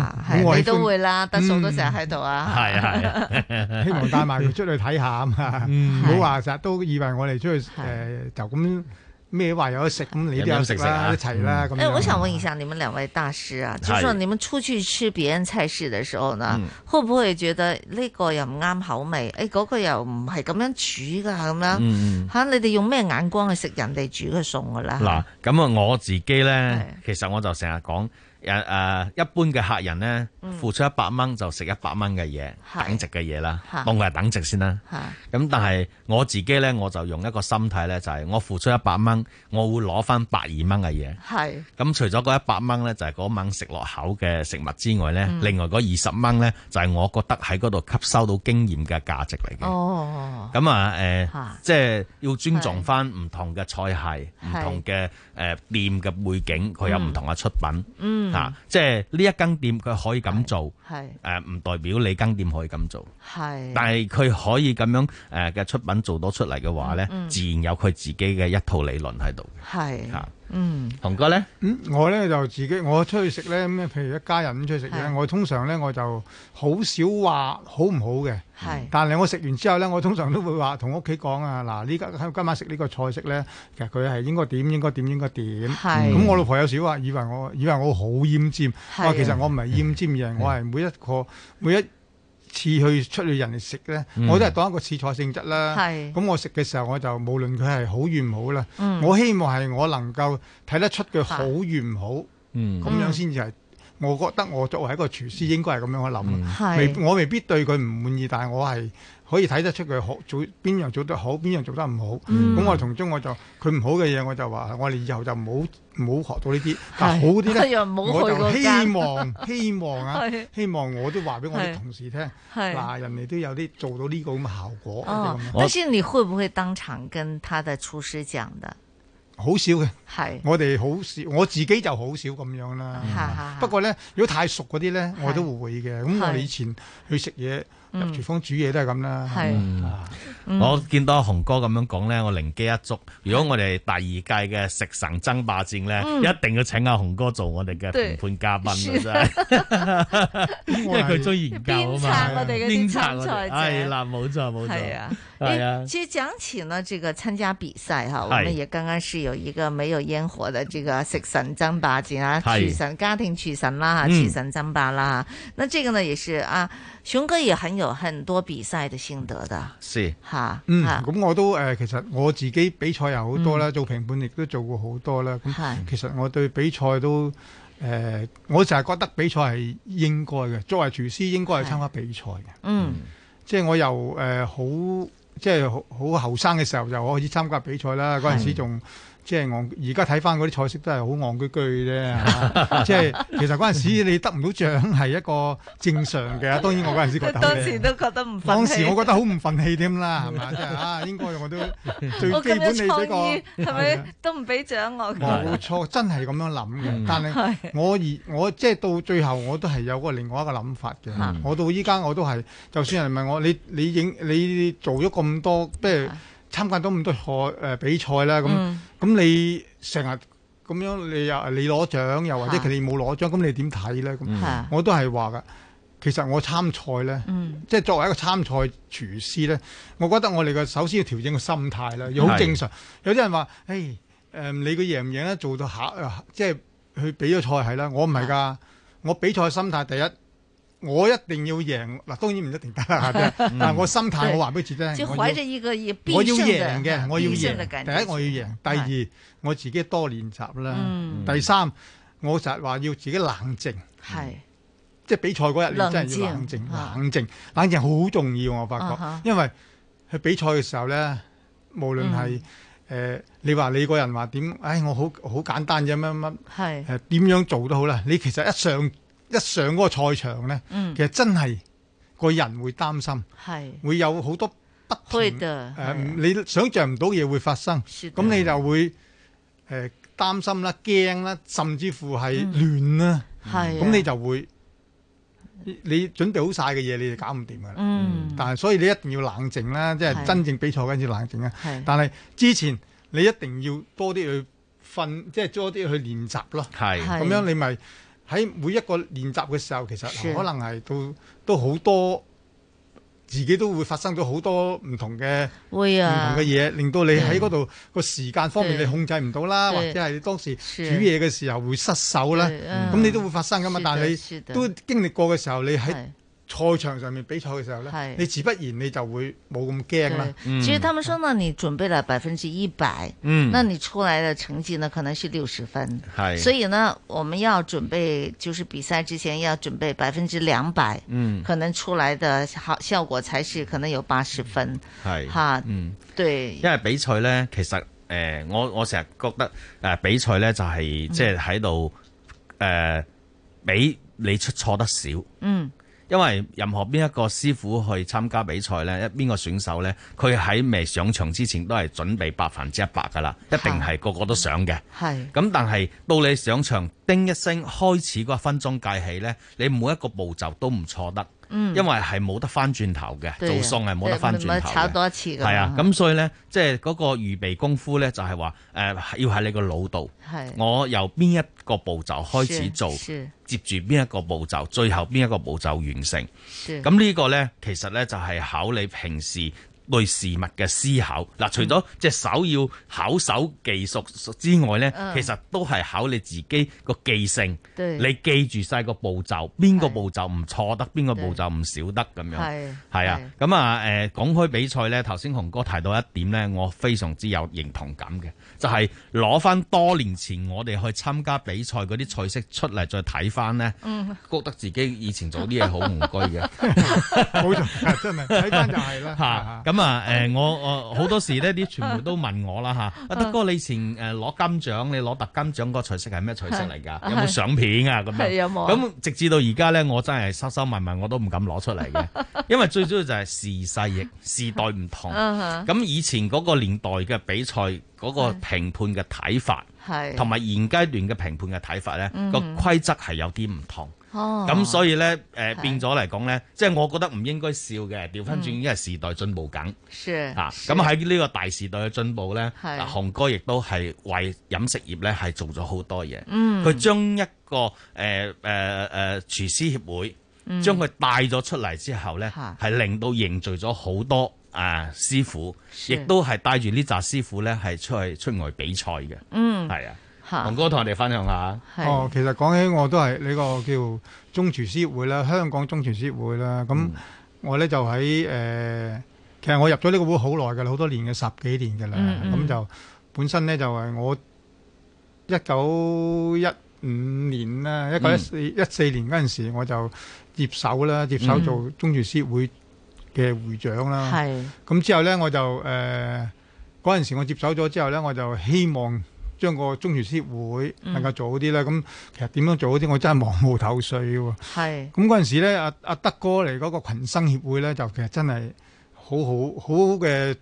你都會啦，得數都成日喺度啊！係係，希望帶埋佢出去睇下咁啊，唔好話成日都以為我哋出去誒，就咁咩話有得食咁，你都有食食一齊啦咁。誒，我想問一下，你們兩位大師啊，就算你們出去吃別人菜式嘅時候呢，會唔會覺得呢個又唔啱口味？誒，嗰個又唔係咁樣煮噶咁樣？吓，你哋用咩眼光去食人哋煮嘅餸噶啦？嗱，咁啊，我自己咧，其實我就成日講。誒誒，一般嘅客人咧，付出一百蚊就食一百蚊嘅嘢，等值嘅嘢啦，當佢係等值先啦。咁但係我自己咧，我就用一個心態咧，就係我付出一百蚊，我會攞翻百二蚊嘅嘢。咁除咗嗰一百蚊咧，就係嗰晚食落口嘅食物之外咧，另外嗰二十蚊咧，就係我覺得喺嗰度吸收到經驗嘅價值嚟嘅。咁啊，誒，即係要尊重翻唔同嘅菜系，唔同嘅，誒，店嘅背景佢有唔同嘅出品，吓、嗯啊，即係呢一間店佢可以咁做，係，誒，唔、呃、代表你間店可以咁做，係是，但係佢可以咁樣誒嘅、呃、出品做到出嚟嘅話呢、嗯、自然有佢自己嘅一套理論喺度，係是，吓、啊。嗯，雄哥咧，嗯，我咧就自己，我出去食咧，咁譬如一家人咁出去食咧，是的 我通常咧我就少好少話好唔好嘅，係，是的 但係我食完之後咧，我通常都會話同屋企講啊，嗱，呢家喺今晚食呢個菜式咧，其實佢係應該點應該點應該點，咁是的、嗯、我老婆有時話以為我以為我好奄尖，是的 我其實我唔係奄尖嘅，是的 我係每一個是的 每一個。每一個次去出去人哋食呢，我都係當一個試菜性質啦。咁、嗯、我食嘅時候，我就無論佢係好與唔好啦，嗯、我希望係我能夠睇得出佢好與唔好。咁、嗯、樣先至係，我覺得我作為一個廚師應該係咁樣去諗、嗯。我未必對佢唔滿意，但係我係。可以睇得出佢學做邊樣做得好，邊樣做得唔好。咁我從中我就佢唔好嘅嘢，我就話我哋以後就唔好學到呢啲。但好啲咧，我就希望希望啊，希望我都話俾我哋同事聽。嗱，人哋都有啲做到呢個咁嘅效果。哦，但是你會唔會當場跟他的廚師講的？好少嘅，係我哋好少，我自己就好少咁樣啦。不過咧，如果太熟嗰啲咧，我都會嘅。咁我哋以前去食嘢。入廚房煮嘢都係咁啦。係，我見到阿洪哥咁樣講咧，我靈機一觸。如果我哋第二屆嘅食神爭霸戰咧，一定要請阿洪哥做我哋嘅評判嘉賓嘅，因為佢中意研究啊嘛。編我哋嘅精彩。才啫。係啦，冇錯冇錯啊。係啊。即係講起呢，這個參加比賽哈，我哋也剛剛是有一個沒有煙火嘅這個食神爭霸戰啊，廚神家庭廚神啦，廚神爭霸啦。咁呢個呢，也是啊。雄哥也很有很多比賽的心得的，是吓，啊、嗯，咁我都誒、呃，其實我自己比賽有好多啦，嗯、做評判亦都做過好多啦，咁、嗯嗯、其實我對比賽都誒、呃，我就係覺得比賽係應該嘅，作為廚師應該係參加比賽嘅，嗯，嗯即係我由誒、呃、好即係好好後生嘅時候就開始參加比賽啦，嗰陣、嗯、時仲。即係我而家睇翻嗰啲菜式都係好戇居居啫。 即係其實嗰陣時你得唔到獎係一個正常嘅。當然我嗰陣時覺得當時都覺得唔當時我覺得好唔忿氣添啦，係嘛？ 啊，應該我都最基本你呢個係咪都唔俾獎我？冇 錯，真係咁樣諗嘅。 但係我而我即係到最後我都係有個另外一個諗法嘅。 我到依家我都係，就算係問我你你影你，你做咗咁多，即係。參加咗咁多比賽啦，咁咁、嗯、你成日咁樣你又你攞獎，又或者佢哋冇攞獎，咁、啊、你點睇咧？咁、嗯、我都係話㗎，其實我參賽咧，嗯、即係作為一個參賽廚師咧，我覺得我哋嘅首先要調整個心態啦，又好正常。是有啲人話：誒、哎、誒，唔理贏唔贏咧，做到下即係去比咗賽係啦，我唔係㗎，啊、我比賽心態第一。我一定要贏嗱，當然唔一定得，但係我心態我話俾你知啫。就懷著一個必勝嘅感覺。我要贏嘅，我要贏。第一我要贏，第二我自己多練習啦。第三，我成日話要自己冷靜。係，即係比賽嗰日你真係要冷靜、冷靜、冷靜，好重要。我發覺，因為去比賽嘅時候咧，無論係誒，你話你個人話點？唉，我好好簡單啫，乜乜係誒，點樣做都好啦。你其實一上一上嗰個賽場呢，其實真係個人會擔心，會有好多不斷誒，你想像唔到嘢會發生，咁你就會誒擔心啦、驚啦，甚至乎係亂啦，咁你就會你準備好晒嘅嘢，你就搞唔掂噶啦。嗯，但係所以你一定要冷靜啦，即係真正比賽嗰陣冷靜啊。但係之前你一定要多啲去訓，即係多啲去練習咯。係，咁樣你咪。喺每一個練習嘅時候，其實可能係是都都好多，自己都會發生到好多唔同嘅唔、啊、同嘅嘢，令到你喺嗰度個時間方面你控制唔到啦，對或者係你當時煮嘢嘅時候會失手啦。咁你都會發生噶嘛。的但係你都經歷過嘅時候，的你喺賽場上面比賽嘅時候呢，是你自不然你就會冇咁驚啦。其實他們說呢，你準備了百分之一百，嗯，那你出來嘅成績呢，可能是六十分。是所以呢，我們要準備，就是比賽之前要準備百分之兩百，嗯，可能出來的效果才是可能有八十分。係、嗯，哈，嗯，對。因為比賽呢，其實誒、呃，我我成日覺得誒、呃，比賽呢，就係即係喺度誒，比你出錯得少。嗯。因為任何邊一個師傅去參加比賽呢一邊個選手呢，佢喺未上場之前都係準備百分之一百噶啦，一定係個個都想嘅。係是。咁但係到你上場，叮一聲開始嗰分鐘計起呢，你每一個步驟都唔錯得。嗯。因為係冇得翻轉頭嘅，對做餸係冇得翻轉頭嘅對炒多次咁。係啊，咁所以呢，即係嗰個預備功夫呢，就係話誒，要喺你個腦度，是我由邊一個步驟開始做。接住邊一個步驟，最後邊一個步驟完成，咁呢是個呢，其實呢，就係考你平時。對事物嘅思考嗱，除咗即係首要考手技術之外呢，其實都係考你自己個記性，嗯、你記住晒個步驟，邊對個步驟唔錯得，邊個步驟唔少得咁對樣。係啊，咁、嗯、啊，誒，講開比賽呢，頭先洪哥提到一點呢，我非常之有認同感嘅，就係攞翻多年前我哋去參加比賽嗰啲菜式出嚟再睇翻呢，嗯、覺得自己以前做啲嘢好唔該嘅，冇錯， 真係睇翻就係啦，是咁啊，誒、嗯 嗯、我我好多時呢啲傳媒都問我啦嚇，阿、啊、德哥你以前誒攞、呃、金獎，你攞特金獎個菜式係咩菜式嚟㗎？的有冇相片啊？咁樣咁、嗯、直至到而家呢，我真係收收埋埋，我都唔敢攞出嚟嘅， 因為最主要就係時勢亦時代唔同。咁 以前嗰個年代嘅比賽嗰、那個評判嘅睇法，係同埋現階段嘅評判嘅睇法呢，個規則係有啲唔同。哦，咁所以咧，誒、呃、是變咗嚟講咧，即係我覺得唔應該笑嘅，調翻轉，因為係時代進步緊、嗯。是，是啊，咁喺呢個大時代嘅進步咧，雄是、啊、哥亦都係為飲食業咧係做咗好多嘢。嗯，佢將一個誒誒誒廚師協會，將佢帶咗出嚟之後咧，係是令到凝聚咗好多啊師傅，亦都係帶住呢紮師傅咧係出去出外比賽嘅。嗯，係啊。龍哥同我哋分享下。哦，其實講起我都係呢個叫中廚師會啦，香港中廚師會啦。咁、嗯、我咧就喺誒、呃，其實我入咗呢個會好耐㗎喇，好多年嘅十幾年㗎喇。咁、嗯嗯、就本身咧就係、是、我一九一五年啦，一九一四一四年嗰陣時，我就接手啦，嗯、接手做中廚師會嘅會長啦。咁、嗯、之後咧，我就誒嗰陣時我接手咗之後咧，我就希望，將個中廚協會能夠做好啲咧，咁、嗯、其實點樣做好啲，我真係茫無頭緒嘅。係是，咁嗰陣時咧，阿阿德哥嚟嗰個群生協會咧，就其實真係好好好好嘅。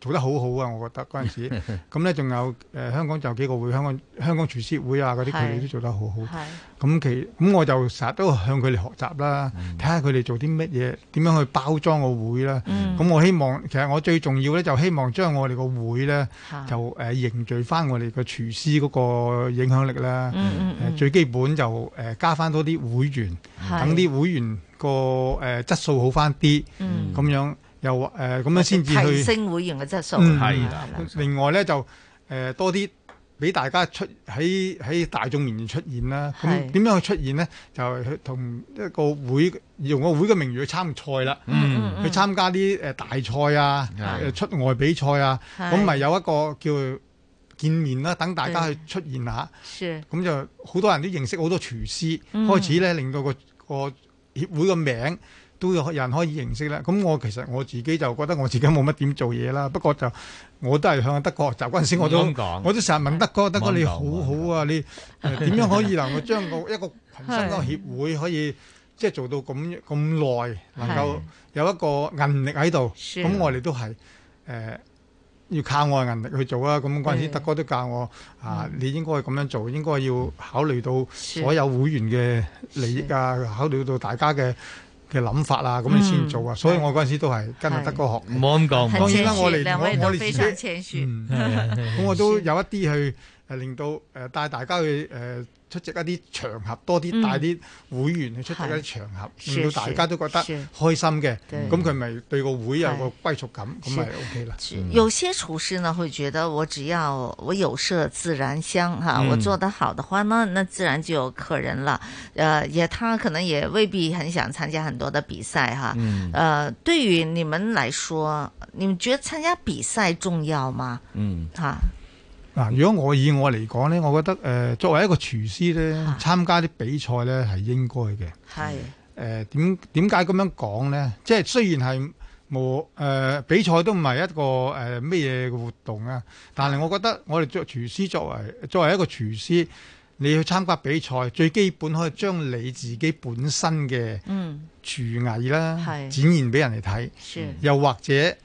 做得好好啊！我覺得嗰陣時，咁呢仲有誒、呃、香港就幾個會，香港香港廚師會啊嗰啲佢哋都做得好好。咁、嗯、其咁、嗯、我就成日都向佢哋學習啦，睇下佢哋做啲乜嘢，點樣去包裝個會啦。咁、嗯嗯嗯、我希望其實我最重要呢，就希望將我哋個會呢，就誒、呃、凝聚翻我哋個廚師嗰個影響力啦。嗯嗯嗯呃、最基本就誒、是呃、加翻多啲會員，等啲、嗯、會員個誒、呃、質素好翻啲，咁、嗯、樣。又誒咁、呃、樣先至去提升會員嘅質素。係、嗯，嗯、的另外咧就誒、呃、多啲俾大家出喺喺大眾面前出現啦。咁點樣去出現咧？就去同一個會用個會嘅名譽去參賽啦。嗯，嗯嗯嗯去參加啲誒大賽啊，的出外比賽啊。咁咪的有一個叫見面啦，等大家去出現下。咁的就好多人都認識好多廚師，嗯、開始咧令到個個協會嘅名，都有人可以認識啦。咁我其實我自己就覺得我自己冇乜點做嘢啦。不過就我都係向德哥學習嗰陣時，我都我都成日問德哥，德哥你好好啊，你點樣可以能夠將個一個本身嘅協會可以即係做到咁咁耐，能夠有一個韌力喺度。咁我哋都係誒要靠我嘅韌力去做啊。咁嗰陣時，德哥都教我啊，你應該咁樣做，應該要考慮到所有會員嘅利益啊，考慮到大家嘅。嘅諗法啊，咁你先做啊！所以我嗰陣時都係跟日德哥學，唔好咁講。當然啦，我哋我我哋自己，咁我都有一啲去誒令到誒帶大家去誒。呃出席一啲場合多啲帶啲會員、嗯、去出席一啲場合，令是到大家都覺得開心嘅，咁佢咪對個會有個歸屬感。咁咪是就 OK 啦。有些廚師呢，會覺得我只要我有色自然香哈、啊，我做得好的話呢，呢那自然就有客人了。呃，也他可能也未必很想參加很多的比賽哈。啊嗯、呃，對於你們來說，你們覺得參加比賽重要嗎？啊、嗯，哈。嗱，如果我以我嚟講呢，我覺得誒、呃、作為一個廚師呢，參加啲比賽呢係應該嘅。係誒點、點解咁樣講呢？即係雖然係我誒比賽都唔係一個誒乜嘢活動啊，但係我覺得我哋作廚師作為作為一個廚師，你要參加比賽，最基本可以將你自己本身嘅廚藝啦、嗯、展現俾人哋睇，是又或者。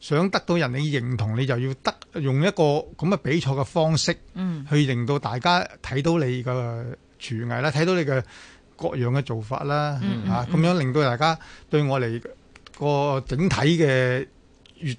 想得到人哋認同，你就要得用一個咁嘅比賽嘅方式、嗯、去令到大家睇到你嘅廚藝啦，睇到你嘅各樣嘅做法啦，嚇咁樣令到大家對我哋個整體嘅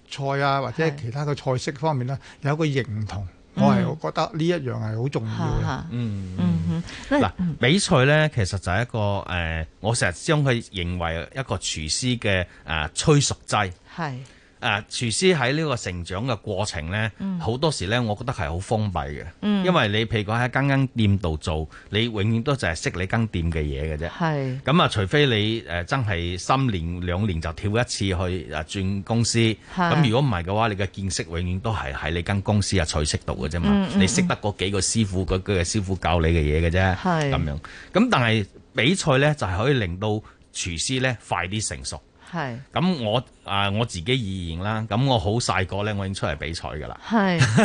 粵菜啊，或者其他嘅菜式方面呢，是有一個認同。我係、嗯、我覺得呢一樣係好重要嘅、嗯。嗯嗯，嗱，比賽呢，其實就係一個誒、呃，我成日將佢認為一個廚師嘅誒催熟劑。係。誒、啊、廚師喺呢個成長嘅過程呢，好、嗯、多時呢，我覺得係好封閉嘅，嗯、因為你譬如講喺一間間店度做，你永遠都就係識你間店嘅嘢嘅啫。咁啊是，除非你、呃、真係三年兩年就跳一次去誒、啊、轉公司，咁是如果唔係嘅話，你嘅見識永遠都係喺你間公司啊取息、嗯、識到嘅啫嘛，你識得嗰幾個師傅嗰、嗯、個師傅教你嘅嘢嘅啫，咁是樣。咁但係比賽呢，就係可以令到廚師呢快啲成熟。係，咁是我啊、呃、我自己而言啦，咁我好細個咧，我已經出嚟比賽噶啦。係是，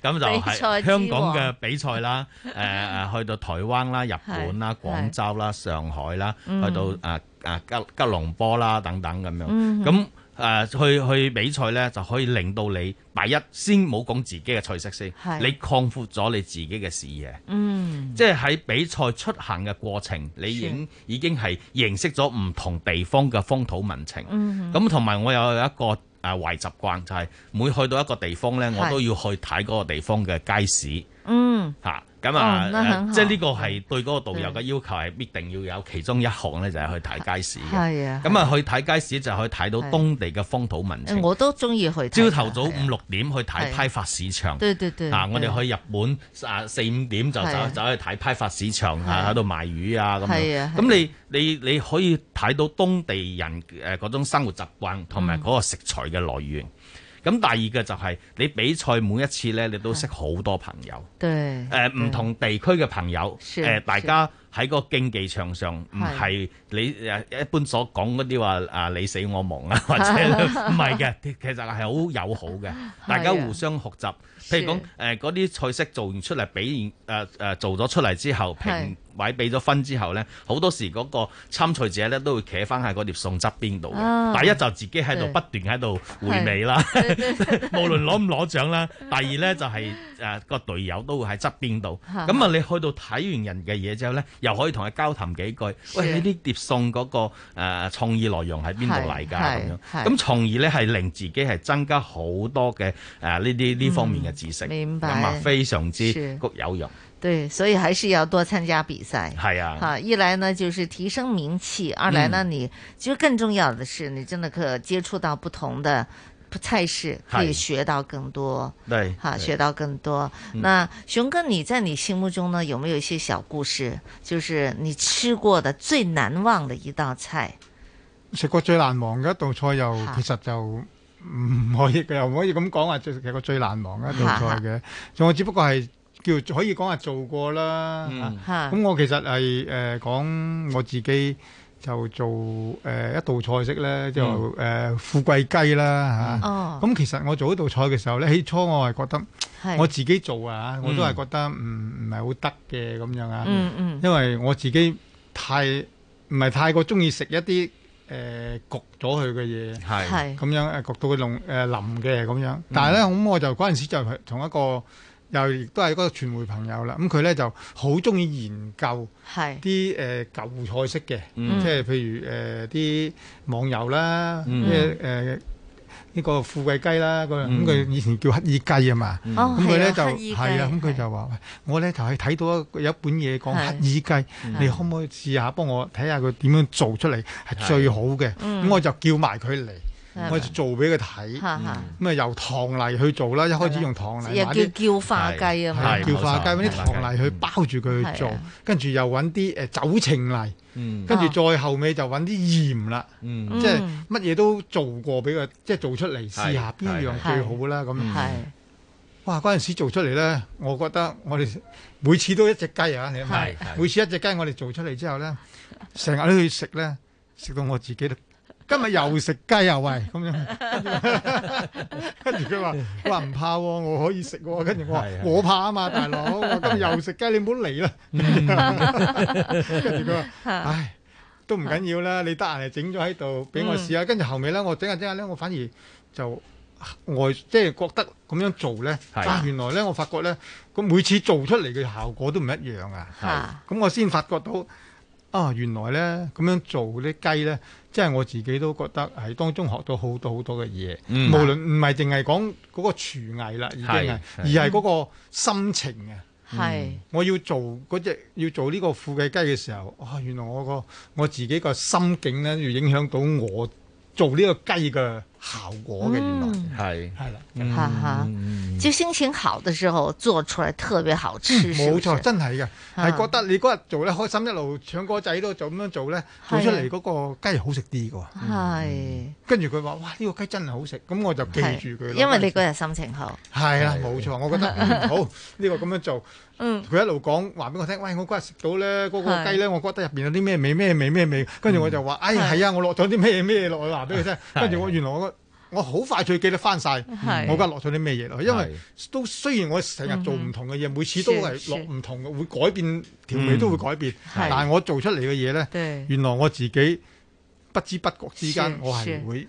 咁 就係、是、香港嘅比賽啦，誒誒、 呃，去到台灣啦、日本啦、廣是州啦、上海啦，嗯、去到啊啊、呃、吉吉隆坡啦等等咁樣，咁、嗯哼。誒、uh, 去去比賽呢，就可以令到你第一先唔好講自己嘅菜式，先是，你擴闊咗你自己嘅視野。嗯，即係喺比賽出行嘅過程，你已經已經係認識咗唔同地方嘅風土民情。咁同埋我有一個誒壞習慣，就係、是、每去到一個地方呢，我都要去睇嗰個地方嘅街市。是嗯嗯，嚇，咁啊，即係呢個係對嗰個導遊嘅要求係必定要有其中一項咧，就係去睇街市嘅。係啊，咁啊去睇街市就可以睇到當地嘅風土民情。我都中意去。朝頭早五六點去睇批發市場。對對對。嗱，我哋去日本啊，四五點就走走去睇批發市場啊，喺度賣魚啊咁。係啊。咁你你你可以睇到當地人誒嗰種生活習慣同埋嗰個食材嘅來源。咁第二個就係、是、你比賽每一次咧，你都識好多朋友。對，誒唔、呃、對同地區嘅朋友，誒大家喺個競技場上唔係你誒的一般所講嗰啲話啊，你死我亡啊，或者唔係嘅，其實係好友好嘅，大家互相學習。譬的如講誒嗰啲菜式做完出嚟，畀誒誒、呃、做咗出嚟之後評。位俾咗分之後咧，好多時嗰個參賽者咧都會企翻喺嗰碟餸側邊度嘅。哦、第一就是、自己喺度不斷喺度回味啦， 無論攞唔攞獎啦。第二咧就係誒個隊友都會喺側邊度。咁啊，你去到睇完人嘅嘢之後咧，又可以同佢交談幾句。喂，呢碟餸嗰個誒創意內容喺邊度嚟㗎？咁樣咁從而咧係令自己係增加好多嘅誒呢啲呢方面嘅知識，咁啊、嗯、明白、非常之有用。對，所以還是要多參加比賽。是啊。哈、啊，一來呢就是提升名氣，二來呢、嗯、你其實就更重要的是，你真的可接觸到不同的菜式，可以學到更多。是啊、對。哈，學到更多。對那雄哥，你在你心目中呢，有沒有一些小故事？就是你吃過的最難忘的一道菜。食過最難忘嘅一道菜，又哈其實就唔可以嘅，又唔可以咁講啊！最食過最難忘嘅一道菜嘅，我哈只不過係。叫可以講係做過啦，咁我其實係誒講我自己就做誒一道菜式咧，就誒富貴雞啦嚇。咁其實我做一道菜嘅時候咧，起初我係覺得我自己做啊，我都係覺得唔唔係好得嘅咁樣啊。因為我自己太唔係太過中意食一啲誒焗咗佢嘅嘢，咁樣誒焗到佢濃誒淋嘅咁樣。但係咧，咁我就嗰陣時就係同一個。又亦都係嗰個傳媒朋友啦，咁佢咧就好中意研究啲誒舊菜式嘅，即係譬如誒啲網油啦，咩誒呢個富貴雞啦嗰樣，咁佢以前叫乞兒雞啊嘛，咁佢咧就係啊，咁佢就話：我咧就係睇到有一本嘢講乞兒雞，你可唔可以試下幫我睇下佢點樣做出嚟係最好嘅？咁我就叫埋佢嚟。我做俾佢睇，咁啊由糖泥去做啦，一開始用糖泥，又叫叫化雞啊嘛，叫化雞搵啲糖泥去包住佢去做，跟住又搵啲誒酒程泥，跟住再後尾就搵啲鹽啦，即係乜嘢都做過俾佢，即係做出嚟試下邊樣最好啦咁。哇！嗰陣時做出嚟咧，我覺得我哋每次都一隻雞啊，係，每次一隻雞我哋做出嚟之後咧，成日都去食咧，食到我自己都。今日又食雞又、啊、喂，咁樣跟住佢話：話唔 怕、啊，我可以食、啊。跟住我話：是是我怕啊嘛，大佬。今日又食雞，你唔好嚟啦。跟住佢話： 唉，都唔緊要啦。你得閒整咗喺度俾我試下。跟住、嗯、後尾咧，我整下整下咧，我反而就外即係覺得咁樣做咧是的、啊，原來咧我發覺咧，咁每次做出嚟嘅效果都唔一樣啊。咁我先發覺到。啊、哦，原來呢，咁樣做啲雞呢，即係我自己都覺得喺當中學到好多好多嘅嘢。嗯啊、無論唔係淨係講嗰個廚藝啦，已經係，而係嗰個心情呀。係、嗯，我要做嗰隻、那個，要做呢個富貴雞嘅時候，哇、哦！原來我個我自己個心境呢，要影響到我做呢個雞嘅。效果嘅原來係係啦，哈哈！就心情好嘅時候做出嚟特別好吃，冇錯，真係嘅，係覺得你嗰日做咧開心，一路唱歌仔都做咁樣做咧，做出嚟嗰個雞好食啲嘅喎。係。跟住佢話：「哇！呢個雞真係好食，咁我就記住佢咯。因為你嗰日心情好。係啦，冇錯，我覺得好呢個咁樣做。嗯，佢一路講話俾我聽，喂，我今日食到咧嗰個雞咧，我覺得入邊有啲咩味咩味咩味，跟住我就話，哎，係啊，我落咗啲咩咩落去，話俾佢聽。跟住我原來我我好快脆記得翻晒，我而家落咗啲咩嘢落去，因為都雖然我成日做唔同嘅嘢，每次都係落唔同嘅，會改變，調味都會改變，但係我做出嚟嘅嘢咧，原來我自己不知不覺之間，我係會。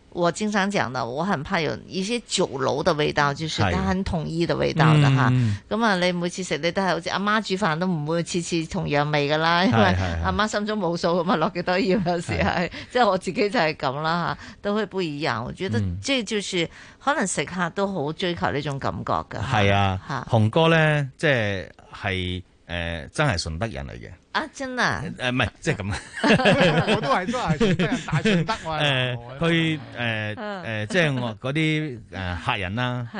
我經常講到，我很怕有一些酒樓的味道，就是佢很統一的味道的哈。咁啊，嗯、啊你每次食你都係好似阿媽、媽煮飯，都唔會次次同樣味噶啦，因為阿媽心中冇數，咁啊落幾多鹽有時係，即係、啊就是、我自己就係咁啦吓，都係不一樣。我覺得即係、嗯、就是，可能食客都好追求呢種感覺噶。係啊，啊雄哥咧，即係係誒，真係順德人嚟嘅。啊真啊！誒唔係，即係咁。我都係都係大順德喎。誒，佢誒即係我嗰啲誒客人啦，去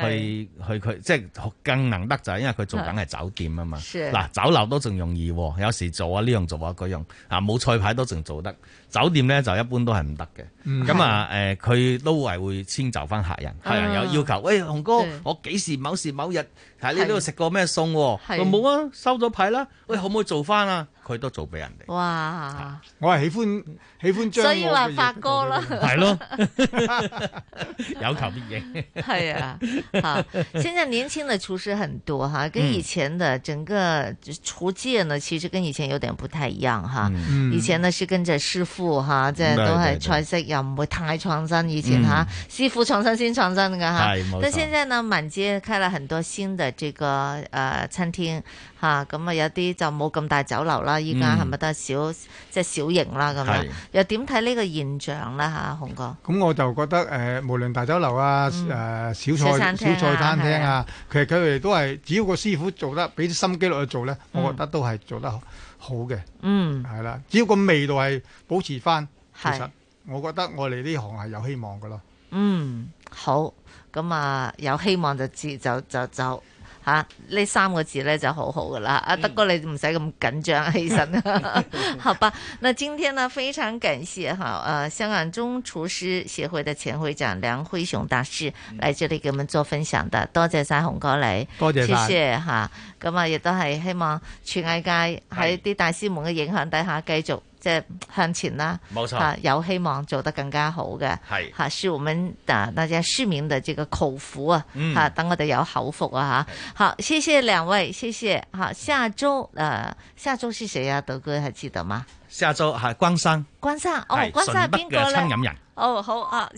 去佢即係更能得就係、是、因為佢做緊係酒店啊嘛。嗱 是，酒樓都仲容易，有時做啊呢樣做啊嗰樣啊，冇菜牌都仲做得。酒店咧就一般都係唔得嘅，咁啊誒，佢都係會遷就翻客人，客人有要求。喂，洪哥，我幾時某時某日喺呢度食過咩餸？佢冇啊，收咗牌啦。喂，可唔可以做翻啊？佢都做俾人哋。哇！我係喜歡，喜歡將，所以話發哥咯，係咯，有求必應，係啊，吓，現在年輕嘅廚師很多吓，跟以前嘅整個廚界呢，其實跟以前有點不太一樣吓，以前呢是跟着師傅。吓、啊，即係都係菜式又唔會太創新，以前吓、嗯啊，師傅創新先創新噶吓。啊、但係現在呢，滿街開了很多新的這個誒、呃、餐廳吓，咁啊那有啲就冇咁大酒樓啦，依家係咪都係小、嗯、即係小型啦咁是又點睇呢個現象咧吓，啊、雄哥？咁我就覺得誒、呃，無論大酒樓啊誒、嗯啊、小菜小菜餐廳啊，啊其實佢哋都係只要個師傅做得俾啲心機落去做咧，我覺得都係做得好。嗯好嘅，嗯，係啦，只要個味道係保持返，其實我覺得我哋呢行係有希望噶咯。嗯，好，咁啊，有希望就接就就就。吓，呢、啊、三個字咧就好好噶啦。阿德哥，你唔使咁緊張醫生。嗯、 好吧。那今天呢非常感謝哈，誒、啊、香港中廚師協會的前會長梁輝雄大師來這裡給我們做分享的，嗯、多謝晒雄哥嚟，多謝，謝哈謝。咁、嗯、啊亦都係希望廚藝界喺啲大師們嘅影響底下繼續。即係向前啦，有希望做得更加好嘅是、啊，是我們嗱，大、啊、家市民的這個口福啊，吓、嗯啊、等我哋有口福啊，吓、嗯，好，謝謝兩位，謝謝吓，下周誒、呃，下周是誰啊？德哥，還記得嗎？下周係關生，關、啊、生山哦，關生係邊個咧？哦，好啊。